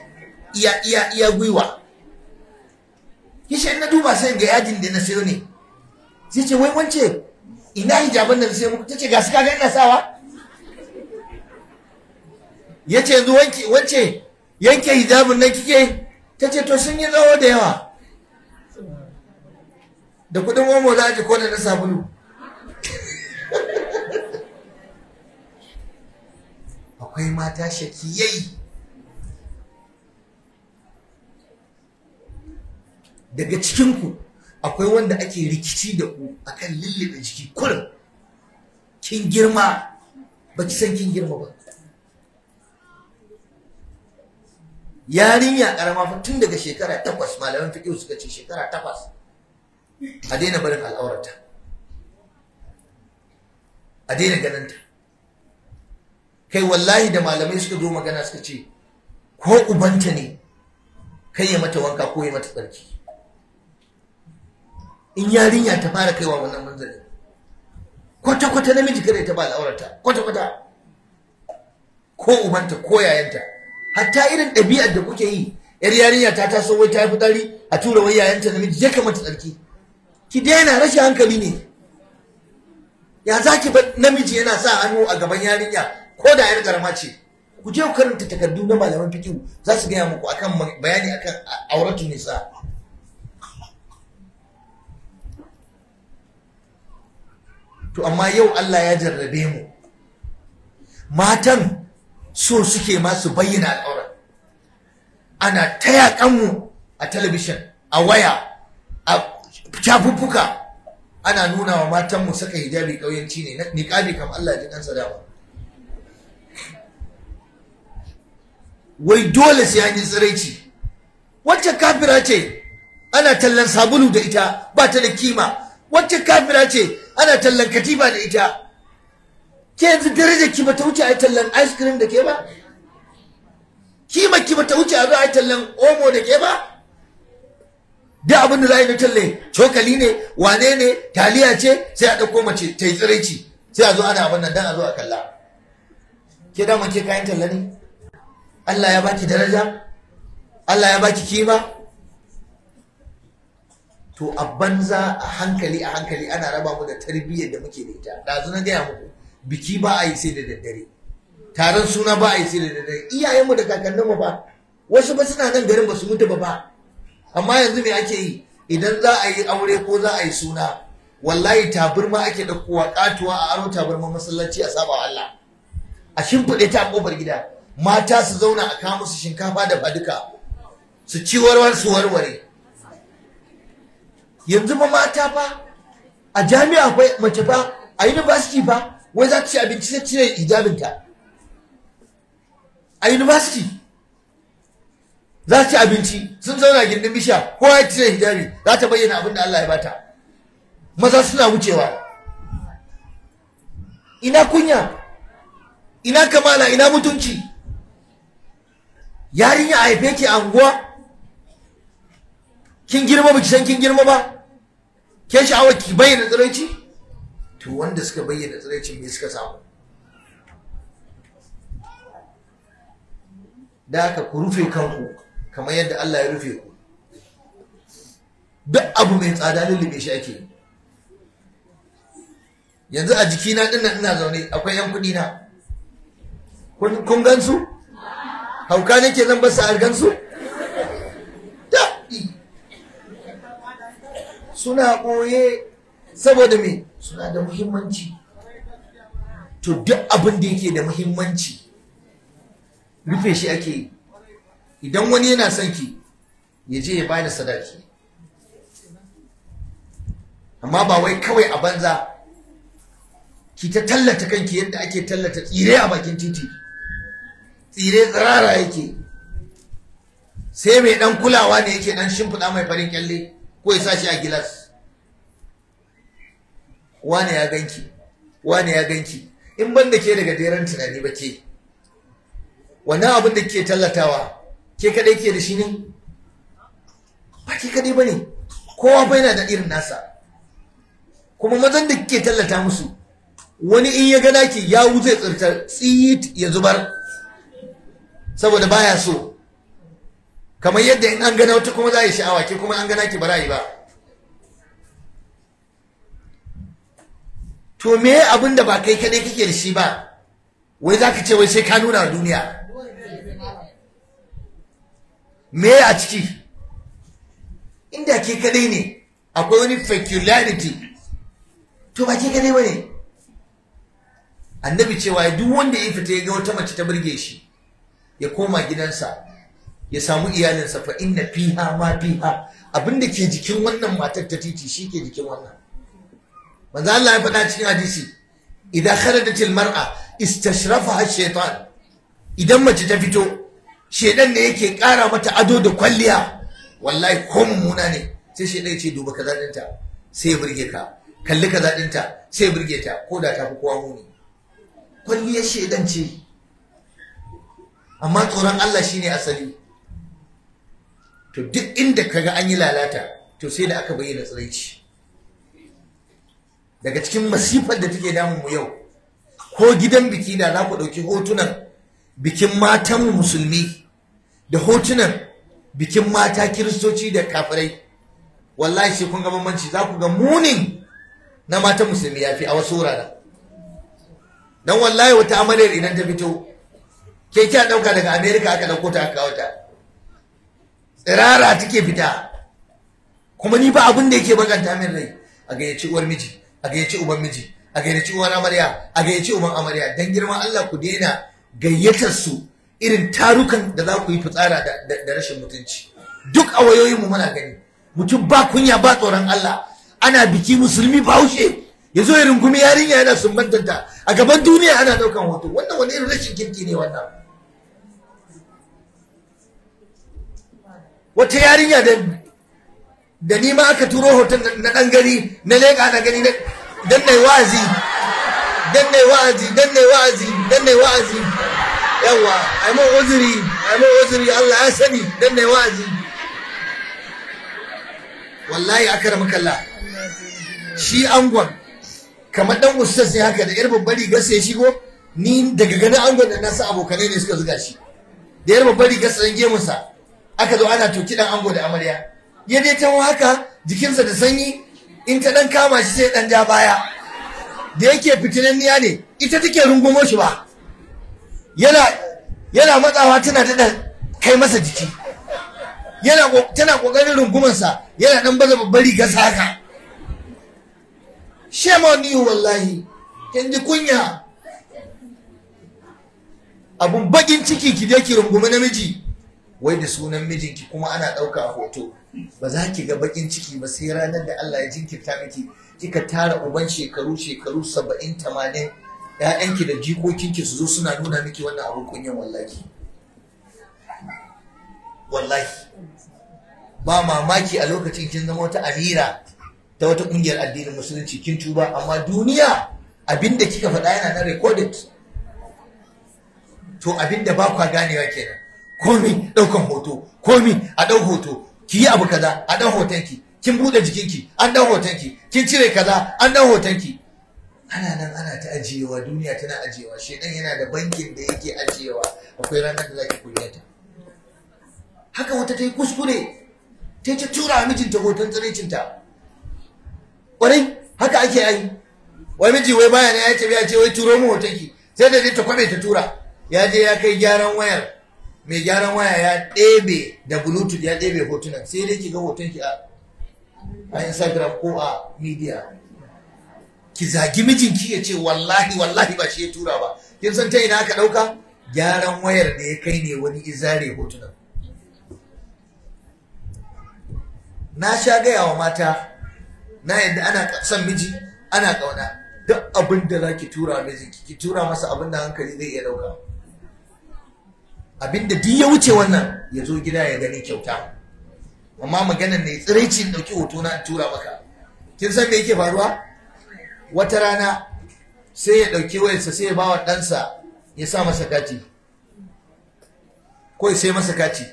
iya iya iya gwiwa kice na duba sai ga yajin da na sayo ne sai ce wai wance ina hijabar da sai Ta ce ga su kaga ina sawa ce yanzu wanke wance yanke hijabin nan kike Ta ce to sun yi zawo da yawa da kudin omo za a ji ko da na sabulu akwai mata shakiyai daga cikinku akwai wanda ake rikici da ku akan lullube jiki kullum kin girma ba ki san kin girma ba yarinya karama fa tun daga shekara takwas malaman fiƙiyu suka ce shekara takwas a daina barin al'aurata a daina ganin ta kai wallahi da malamai suka zo magana suka ce ko ubanta ne kai ya mata wanka ko ya mata tsarki in yarinya ta fara kaiwa wannan manzari kwata-kwata namiji kada ta ba al'aurata kwata-kwata ko ubanta ko yayanta hatta irin ɗabi'ar da kuke yi yar yarinya ta taso wai ta yi fitari a tura wai yayanta namiji ya kamata tsarki ki daina rashin hankali ne ya zaki ba namiji yana sa hannu a gaban yarinya ko da yar karama ce ku je ku karanta takardu na malaman fikihu za su gaya muku akan bayani akan auratu nisa to amma yau Allah ya jarrabe mu matan so suke ma su bayyana al'aura ana ta mu a talabishin a waya a shafuffuka ana nuna wa matanmu saka hijabi ƙauyenci ne niƙabi kam Allah ji kansa dawa wai dole sai an yi tsiraici wacce kafira ce ana tallan sabulu da ita ba ta da kima wacce kafira ce ana tallan katiba da ita ke yanzu daraja ki ba ta wuce a tallan ice cream da ke ba kima ki ba ta wuce a zo a tallan omo da ke ba duk abin da za a yi talle cokali ne wane ne taliya ce sai a ɗauko mace ta yi tsiraici sai a zo ana abin nan dan a zo a kalla ke dama ke kayan talla ne Allah ya baki daraja Allah ya baki kima to a banza a hankali a hankali ana raba mu da tarbiyyar da muke da ita da na gaya muku biki ba a yi sai da daddare taron suna ba a yi sai da daddare iyayenmu da kakanninmu ba wasu ba suna nan garin ba su mutu ba ba amma yanzu me ake yi idan za a yi aure ko za a yi suna wallahi tabarma ake ɗaukowa ƙatuwa a aro tabarma masallaci a saba Allah a shimfiɗe ta ƙofar gida mata su zauna a kawo musu shinkafa da faduka su ci warwar su warware yanzu ma mata fa a jami'a akwai mace fa a university fa wai za ta ci abinci sai cire hijabinta a university za ci abinci sun zauna gindin bishiya ko ya cire hijabi za ta bayyana abin da Allah ya bata maza suna wucewa ina kunya ina kamala ina mutunci yarinya a haife ki anguwa kin girma ki san kin girma ba ke sha'awar ki bayyana tsiraici to wanda suka bayyana tsiraicin me suka samu da aka ku rufe kanku kamar yadda Allah ya rufe ku duk abu mai tsada lullube shi ake yanzu a jikina na nan ina zaune akwai yan kuɗi na kun gansu hauka nake zan ba Sa'ar gansu suna ɓoye saboda me suna da muhimmanci to duk abin da yake da muhimmanci rufe shi ake idan wani yana son ki ya je ya bada sadaki amma ba wai kawai a banza ki ta tallata kanki yadda ake tallata tsire a bakin titi tsire tsirara yake sai mai dan kulawa ne yake dan shimfiɗa mai farin kyalle ko ya sa shi a gilas wane ya ganki wane ya ganki in ban da ke daga deran tunani ba ke wannan abin da ke tallatawa ke kadai ke da shi ne ba ke kadai ba ne kowa bai na da irin nasa kuma mazan da kike tallata musu wani in ya gada ke ya wuce tsirtar tsit ya zubar saboda baya so kamar yadda in an gana wata kuma za a yi sha'awa ke kuma an gana ki ba yi ba to me abin da ba kai kadai kike da shi ba wai za ka ce wai sai ka nuna duniya me a ciki inda ke kadai ne akwai wani peculiarity to ba ke kadai bane annabi cewa duk wanda ya fita ya ga wata mace ta burge shi ya koma gidansa ya samu iyalinsa fa inna fiha ma fiha abinda ke jikin wannan matar ta titi shi ke jikin wannan manzo Allah ya faɗa cikin hadisi idan kharajatil mar'a istashrafaha shaytan idan mace ta fito shedan ne yake ƙara mata ado da kwalliya wallahi ko mummuna ne sai shedan ya ce duba kaza dinta sai burge ka kalli kaza dinta sai burge ta ko da ta fi kowa muni Kwalliya shedan ce amma tsoron Allah shine asali to duk inda kaga an yi lalata to sai da aka bayyana tsiraici daga cikin masifar da take damun mu yau ko gidan biki da za ku ɗauki hotunan bikin matan musulmi da hotunan bikin mata kiristoci da kafirai wallahi shi kun ga bambanci za ku ga munin na mata musulmi ya fi a wasu wurare Don wallahi wata amaryar idan ta fito ke kya ɗauka daga Amerika aka dauko ta aka wata tsirara take fita kuma ni ba abin da yake baganta min rai a gayyaci uwar miji a gayyaci uban miji a gayyaci uwar amarya a gayyaci uban amarya Don girman Allah ku daina gayyatar su irin tarukan da za ku yi fitsara da rashin mutunci duk a wayoyinmu muna gani mutum ba kunya ba tsoron Allah ana biki musulmi ba haushe ya zo irin kuma yarinya yana sumbantanta a gaban duniya ana daukan hoto wannan wani irin rashin kirki ne wannan wata yarinya da da ni ma aka turo hoton na dan gari na leka na gani dan nai wa'azi dan nai wa'azi dan nai wa'azi dan nai wa'azi yawa ai mai uzuri ai mai uzuri Allah ya sani dan ne wazi wallahi akramaka Allah shi angon kamar dan ustaz ne haka da yar babbar riga sai go ni daga ganin angon da nasa abokanai ne suka zuga shi da yar babbar riga sai gemunsa aka zo ana toki dan ango da amarya ya dai ta haka jikinsa da sanyi in ta dan kama shi sai dan ja baya da yake niya ne ita take rungumo shi ba yana yana matsawa tana da kai masa jiki yana tana kokarin sa, yana dan baza babbar rigarsa haka shema ni wallahi kin ji kunya abun bakin ciki ki je ki rungumi namiji wai da sunan mijinki kuma ana ɗauka hoto ba za ki ga bakin ciki ba sai ranar da Allah ya jinkirta miki kika tara uban shekaru shekaru saba'in tamanin 'ya'yanki da jikokinki su zo suna nuna miki wannan abin kunya wallahi wallahi ba mamaki a lokacin kin zama wata amira ta wata ƙungiyar addinin musulunci kin tuba amma duniya abinda kika faɗa yana na recorded to abinda ba kwa ganewa kenan komi ɗaukan hoto komi a ɗau hoto ki yi abu kaza a ɗau hotonki kin buɗe jikinki an ɗau hotonki kin cire kaza an ɗau hotonki ana nan ana ta ajiyewa duniya tana ajiyewa shi dan yana da bankin da yake ajiyewa akwai ranar da zaki kunyata haka wata ta yi kuskure ta ta tura mijinta hoton ta ƙwarai haka ake yi wai miji wai baya ne ya ce ya ce wai turo mu hoton ki sai da ta kwabe ta tura ya je ya kai gyaran wayar mai gyaran waya ya ɗebe da bluetooth ya ɗebe hotunan sai dai ki ga hoton ki a instagram ko a media ki zagi mijinki ya ce wallahi wallahi ba shi ya tura ba kin san ta ina aka dauka gyaran wayar da ya kai ne wani izare hotuna. na sha gaya wa mata na yadda ana son miji ana kauna duk abin da za ki tura mijinki ki tura masa abin da hankali zai iya dauka abin da ya wuce wannan ya zo gida ya gani kyauta amma maganar ne tsiraicin dauki hoto na tura maka kin san me yake faruwa wata rana sai ya ɗauki wayarsa sai ya bawa ɗansa ya sa masa kati ko sai masa kati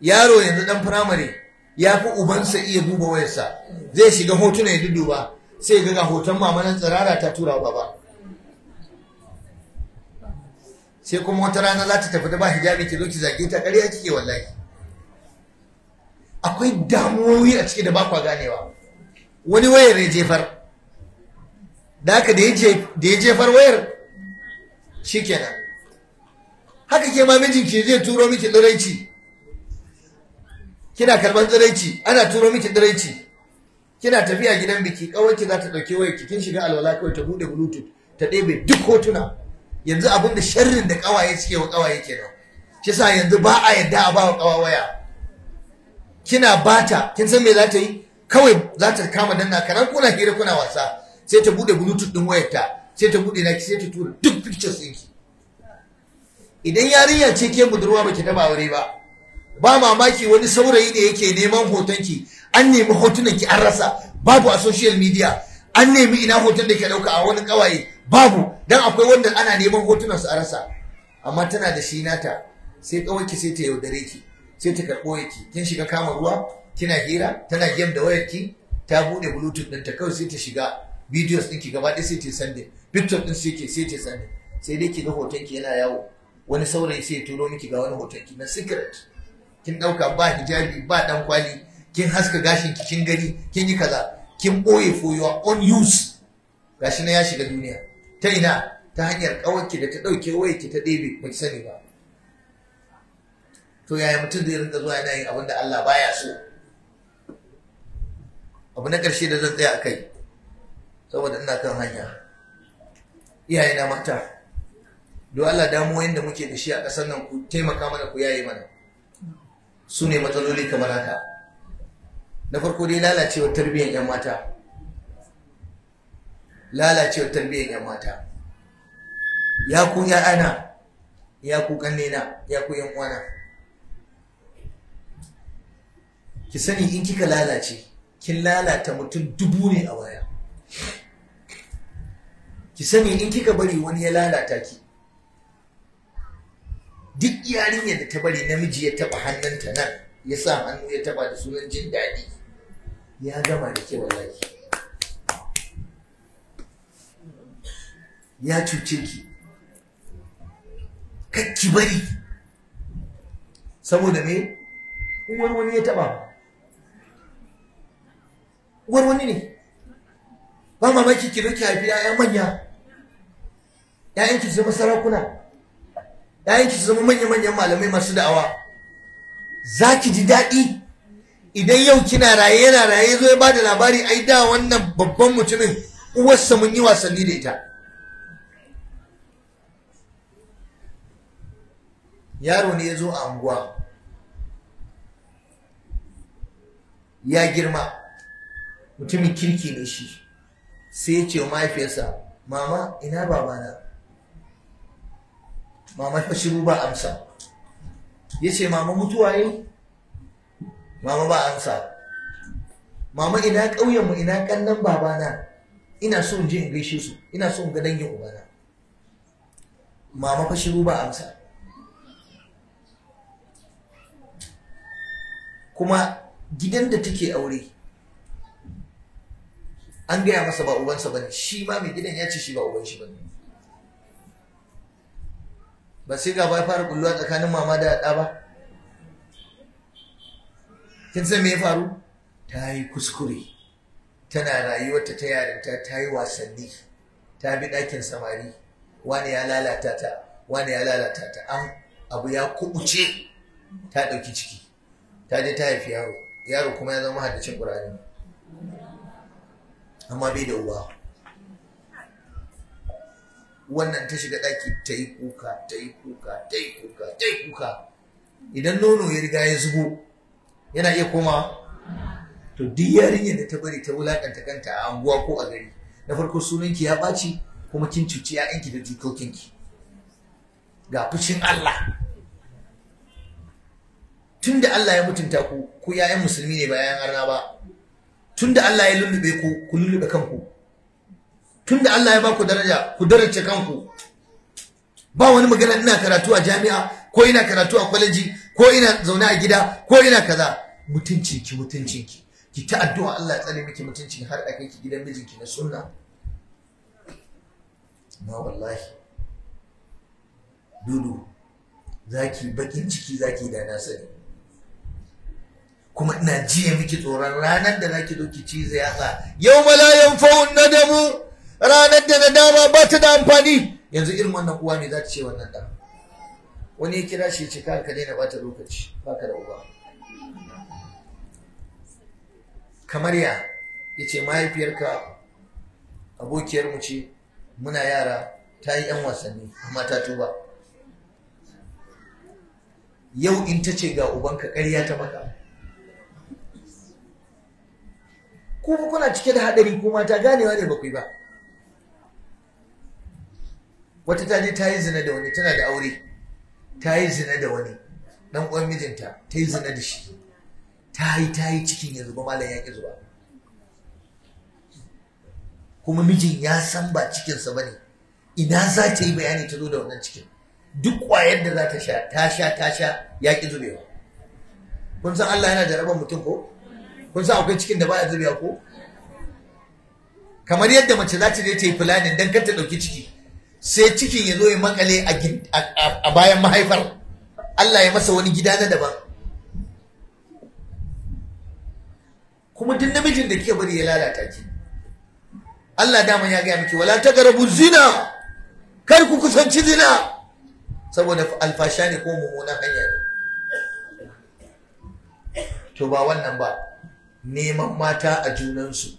yaro yanzu ɗan firamare ya fi ubansa iya duba wayarsa zai shiga hotuna ya duduba sai ga hoton mamanin tsirara ta tura baba sai kuma wata rana za ta tafi da ba hijabi ki zo zage ta ya kike wallahi akwai damuwoyi a ciki da ba kwa ganewa wani wayar ya jefar da haka da ya jefar wayar shi kenan haka ke ma mijinki zai turo miki tsiraici kina karban tsiraici ana turo miki tsiraici kina tafiya gidan biki kawanki za ta ɗauki wayar kin shiga alwala kawai ta bude bluetooth ta ɗebe duk hotuna yanzu abin da sharrin da ƙawaye suke wa ƙawaye kenan shi sa yanzu ba a yadda a bawa wa ƙawa waya kina bata kin san me za ta yi kawai za ta kama danna karan kuna hira kuna wasa sai ta bude bluetooth din wayarta sai ta bude naki sai ta tura duk pictures ɗinki idan yarinya ce ke budurwa baki taba aure ba ba mamaki wani saurayi ne yake neman hoton ki. an nemi hotunanki an rasa babu a social media an nemi ina hoton da ke dauka a wani kawaye babu dan akwai wanda ana neman hotunan su a rasa amma tana da shi nata sai kawanki sai ta yaudare ki sai ta karbo yaki kin shiga kama ruwa kina hira tana game da wayarki ta bude bluetooth ta kawai sai ta shiga videos ɗinki gaba ɗaya sai ce sande picture ɗin sai ke sai ce sande sai dai ki ga hoton ki yana yawo wani saurayi sai ya turo miki ga wani hoton ki na secret kin ɗauka ba hijabi ba ɗan kwali kin haska gashin ki kin gani kin yi kaza kin ɓoye for your own use gashi na ya shiga duniya ta ina ta hanyar ƙawarki da ta ɗauke ki ta ɗebe ba ki sani ba to yaya mutum zai rinka zuwa yana yin abin da Allah baya so abu na ƙarshe da zan tsaya a kai saboda ina kan hanya Iyaye na mata don Allah damu da muke da shi a ƙasar nan ku taimaka mana ku yaye mana su ne matsaloli kamar haka na farko dai lalacewar tarbiyyar 'yan mata lalacewar tarbiyyar 'yan mata ya ku ana ya ku na ya ku 'yan uwana ki sani in kika lalace kin lalata mutum dubu ne a waya ki sani in kika bari wani ya lalata ki duk yarinyar da ta bari namiji ya taba hannunta nan ya sa hannu ya taba da sunan jin daɗi ya gama da ke wallahi ya cuce ki ki bari saboda me uwar wani ya taba uwar wani ne ba mamaki ki zo haifi ya'yan manya Ya'yan ki zama sarakuna Ya'yan ki zama manya manyan malamai masu da'awa za ki ji daɗi idan yau kina raye yana raye zo ya ba da labari ai da wannan babban mutumin uwarsa mun yi wasanni da ita yaro ne ya zo a anguwa ya girma mutumin kirki ne shi sai ya ce mahaifiyarsa mama ina babana mama fa shiru ba amsa ya ce mama mutuwa yi mama ba amsa mama ina ƙauyenmu ina ƙannan babana ina so in je in gaishe su ina so in ga dangin ubana mama fa shiru ba amsa kuma gidan da take aure an gaya masa ba ubansa bane shi ma mai gidan ya ce shi ba uban shi ne. ba sai ga ba fara kulluwa tsakanin mama da ɗa ba kin san me ya faru ta yi kuskure tana rayuwarta ta yarinta ta yi wasanni ta bi ɗakin samari wani ya lalata ta wani ya lalata ta an abu ya kubuce ta ɗauki ciki ta je ta haifi yaro yaro kuma ya zama haddacin ƙur'ani amma bai da uba wannan ta shiga ɗaki ta yi kuka ta yi kuka ta yi kuka ta yi kuka idan nono ya riga ya zubo yana iya koma to duk yarinyar da ta bari ta wulakanta kanta a anguwa ko a gari na farko sunanki ya ɓaci kuma kin cuci 'ya'yanki da jikokinki ga fushin Allah tun Allah ya mutunta ku ku 'ya'yan musulmi ne bayan arna ba tunda Allah ya lullube ku ku lullube kanku tunda Allah ya baku daraja ku darace kanku ba wani magana ina karatu a jami'a ko ina karatu a kwaleji ko ina zaune a gida ko ina kaza mutuncinki mutuncinki ki ta addu'a Allah ya tsare miki mutunci har a kai ki gidan mijinki na sunna na wallahi dudu zaki bakin ciki zaki da na sani kuma ina jiya miki tsoron ranar da zaki doki ciza yatsa yau fa'un na damu ranar da na dama ba ta da amfani yanzu irin wannan uwa ne za ta ce wannan da? wani ya kira shi ce ka daina bata lokaci baka da uba kamar ya ce mahaifiyarka abokiyar mu ce muna yara ta yi yan wasanni amma ta tuba yau in ta ce ga ubanka ƙarya ta maka ko kuna cike da haɗari ko mata ganewa ne bakwai ba wata ta je ta yi zina da wani tana da aure ta yi zina da wani dan uwan mijinta ta yi zina da shi ta yi ta yi cikin ya zuba malam ya ki zuba kuma mijin ya san ba cikinsa ba ne ina za ta yi bayani ta zo da wannan cikin duk kwayar da za ta sha ta sha ta sha ya ki zubewa kun san Allah yana jaraban mutum ko kun sa akwai cikin da baya zuriya ko kamar yadda mace za ta je ta yi fulani dan kar ta ɗauki ciki sai cikin ya zo ya makale a bayan mahaifar Allah ya masa wani gida na daban kuma duk namijin da ke bari ya lalata ki Allah dama ya gaya miki wala garabu zina kai ku kusanci zina saboda alfasha ne ko mummuna hanyar. to ba wannan ba neman mata a junansu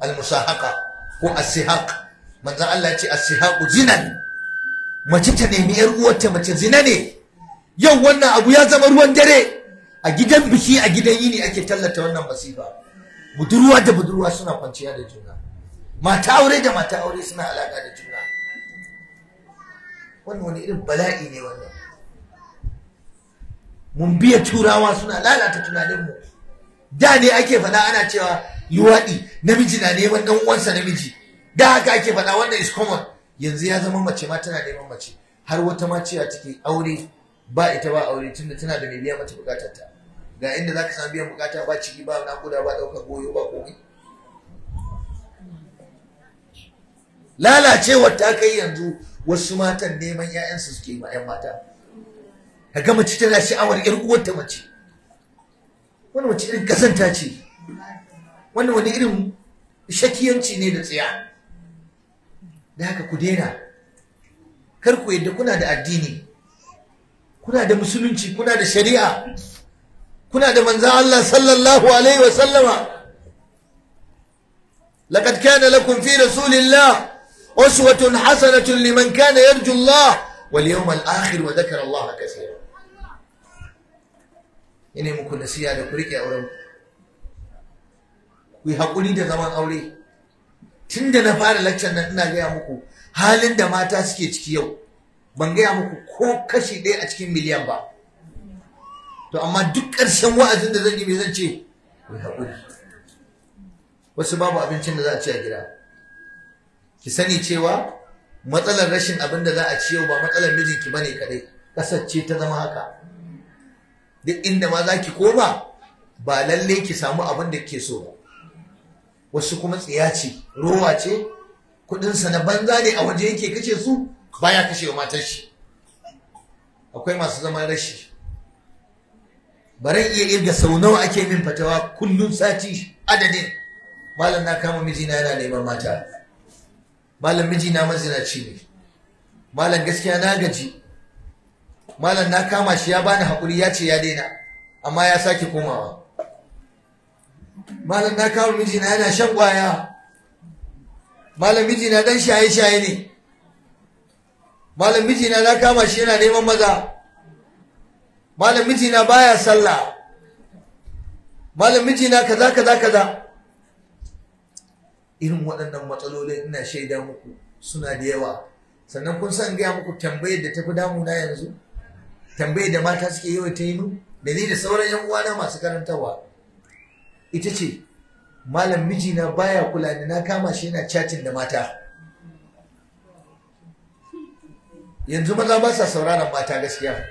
almusahaka ko asihaq manzon Allah ce asihaqu zinan mace ta nemi yar uwarta mace zina ne yau wannan abu ya zama ruwan dare a gidan biki a gidan yini ake tallata wannan masifa budurwa da budurwa suna kwanciya da juna mata aure da mata aure suna alaka da juna wannan wani irin bala'i ne wannan mun biya turawa suna lalata tunaninmu da ne ake faɗa ana cewa luwaɗi namiji na neman ɗan uwansa namiji da haka ake faɗa wannan is common yanzu ya zama mace ma tana neman mace har wata ma cewa take aure ba ita ba aure tunda tana da mai biya mata bukatar ta ga inda zaka samu biyan bukata ba ciki ba nakuda ba daukar goyo ba komai lalacewar ta kai yanzu wasu matan neman 'ya'yansu suke ma 'yan mata ka ga mace tana sha'awar 'yar uwarta mace Wani wace irin kasanta ce Wani wani irin shakiyanci ne da tsiya da haka ku daina kar ku yadda kuna da addini kuna da musulunci kuna da shari'a kuna da manzan Allah sallallahu alaihi wa sallama laqad kana lakum fi rasulillah uswatun hasanatun liman kana yarju Allah wal yawmal akhir wa dhakara Allah kaseera ina muku nasiya da ku riƙe auren ku yi haƙuri da zaman aure tun da na fara laccan nan ina gaya muku halin da mata suke ciki yau ban gaya muku ko kashi ɗaya a cikin miliyan ba to amma duk ƙarshen wa'azin da zan yi zan ce ku yi wasu babu abincin da za a ci a gida ki sani cewa matsalar rashin abin da za a ci yau ba matsalar mijinki bane kaɗai ƙasar ce ta zama haka duk inda ma za ki koma ba lalle ki samu abin da ke so ba wasu kuma tsiya ce rowa ce kudinsa na banza ne a waje yake kace su baya kashe wa matar shi akwai masu zaman rashi baran iya irga sau nawa ake min fatawa kullum sati adadin malam na kama mijina yana neman mata malam mijina mazinaci ne malam gaskiya na gaji malam na kama shi ya bani haƙuri ya ce ya daina amma ya sake komawa malam na kama mijina yana shan ƙwaya malam mijina dan shaye-shaye ne malam mijina na kama shi yana neman maza malam mijina baya sallah malam mijina kaza kaza kaza irin waɗannan matsalolin ina shaida muku suna da yawa sannan kun san gaya muku tambayar da tafi damuna yanzu tambaye da mata suke yawan ta yi da ni da sauran yan uwana masu karantarwa ita ce malam mijina baya kula da na kama shi yana chatting da mata yanzu maza ba sa sauraron mata gaskiya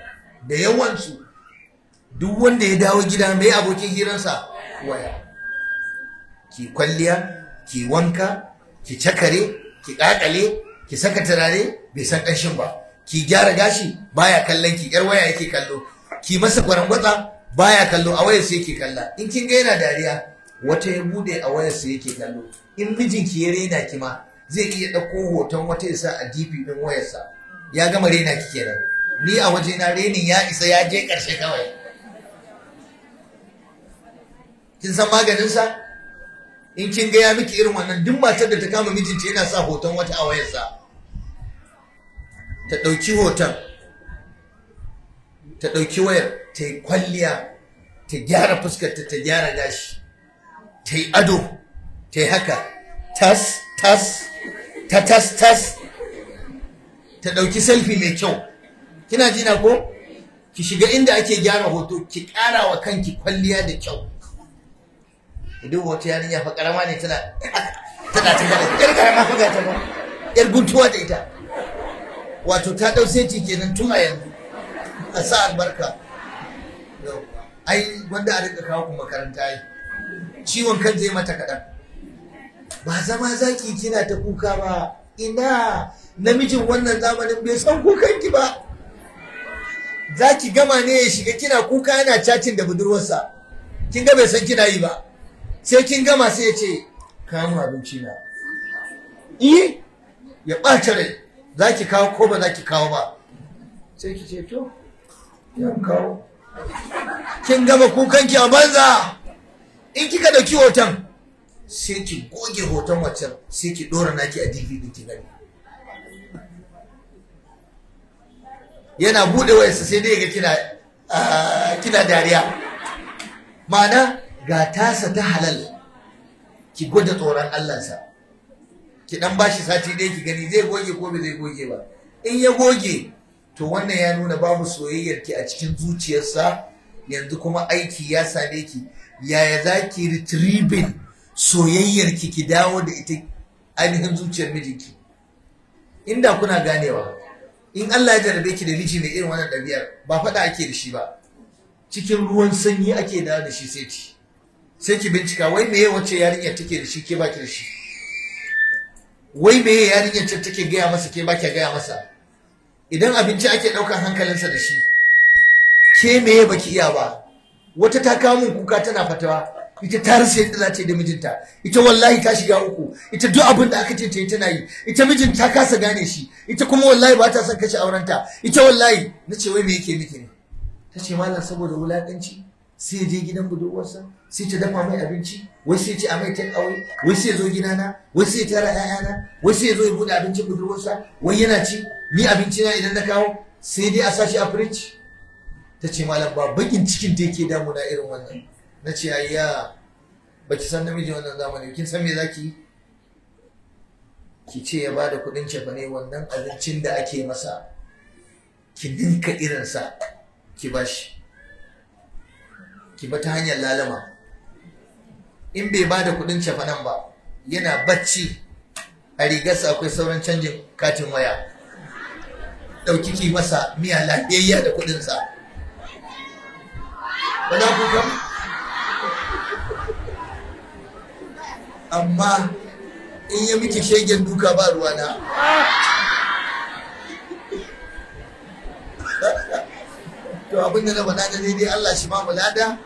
da yawansu duk wanda ya dawo gida mai abokin hiransa waya ki kwalliya ki wanka ki cakare ki ƙaƙale, ki saka turare bai san ƙanshin ba ki gyara gashi baya kallon ki yar waya yake kallo ki masa kwarangwatsa baya kallo a wayar sai yake kalla in kin ga yana dariya wata ya bude a wayar sai yake kallo in mijinki ya rena ki ma zai iya dauko hoton wata ya sa a DP wayar wayarsa ya gama rena ki kenan ni a waje na renin ya isa ya je ƙarshe kawai kin san maganin sa? in kin ga ya miki irin wannan duk matar da ta kama mijinta yana sa hoton wata a wayarsa ta ɗauki hoton ta ɗauki wayar ta yi kwalliya ta gyara fuskarta ta gyara gashi ta yi ado ta yi haka tas tas ta tas tas ta ɗauki selfie mai kyau kina jina ko ki shiga inda ake gyara hoto ki ƙara wa kanki kwalliya da kyau idan wata yarinya fa karama ne tana tana ta gara yar karama fa ga ta ba yar guntuwa da ita wato ta dau seti kenan tun a yanzu a sa albarka ai wanda a rika kawo ku makaranta yi ciwon kan zai mata kaɗan ba zama zaki kina ta kuka ba ina namijin wannan zamanin bai san ki ba za gama ne ya shiga kina kuka yana cacin da budurwarsa kin ga bai san kina yi ba sai kin gama sai ya ce kamun abinci na iya eh, ya ɓata rai za ki kawo ko ba za ki kawo ba sai ki ce to yan kawo kin gama kukan ki a banza in kika dauki hoton sai ki goge hoton waccan sai ki dora naki a dvd ki gani yana bude wayarsa sai dai ga kina ah, kina dariya ma'ana ga tasa ta halal ki gwada tsoron sa. ki dan bashi sati ɗaya ki gani zai goge ko bai goge ba in ya goge to wannan ya nuna babu soyayyar ki a cikin zuciyarsa yanzu kuma aiki ya same ki yaya za ki retrieve soyayyar ki ki dawo da ita ainihin zuciyar mijinki inda kuna ganewa in Allah ya jarabe ki da miji mai irin wannan ɗabi'ar ba faɗa ake da shi ba cikin ruwan sanyi ake dawo da shi sai ki sai ki bincika wai me wacce yarinya take da shi ke baki da shi wai me ya yarinyar ce take gaya masa ke ba ke gaya masa idan abinci ake ɗaukar hankalinsa da shi ke ya baki iya ba wata ta kawo min kuka tana fatawa ita ta rasa yadda za ta yi da mijinta ita wallahi ta shiga uku ita duk abin da aka ce ta yi tana yi ita mijin ta kasa gane shi ita kuma wallahi ba ta son kashe aurenta ita wallahi na ce wai me yake miki ne ta ce malam saboda wulaƙanci sai ya je gidan budurwarsa sai ta dafa mai abinci wai sai ce a mai take away wai sai zo gidana wai sai tara na wai sai zo ya bude abincin budurwarsa wai yana ci ni abinci na idan na kawo sai dai a sashi a fridge ta ce malam ba bakin cikin da yake damuna irin wannan na ce ayya baki san namiji wannan zamani kin san me zaki yi ki ce ya bada kudin cefa ne wannan abincin da ake masa ki irin irinsa ki bashi ki ba ta hanyar lalama in bai ba da kuɗin nan ba yana bacci a rigarsa akwai sauran canjin katin waya ɗauki ki masa miya lafiyayya da kuɗinsa ba za ku kam? amma in yi miki shegen duka ba ruwana to abin da na faɗa da daidai Allah shi ba mu lada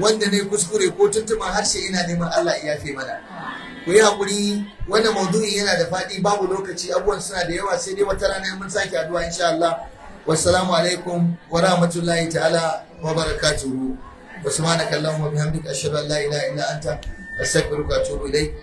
wanda ne kuskure ko tuntuman harshe ina neman Allah ya yafe mana ku yi hakuri wannan maudu'i yana da faɗi babu lokaci abubuwan suna da yawa sai dai wata rana mun sake addu'a insha Allah wassalamu alaikum wa rahmatullahi ta'ala wa barakatuhu wa subhanakallahumma bihamdika ashhadu an la ilaha illa anta astaghfiruka wa atubu ilayk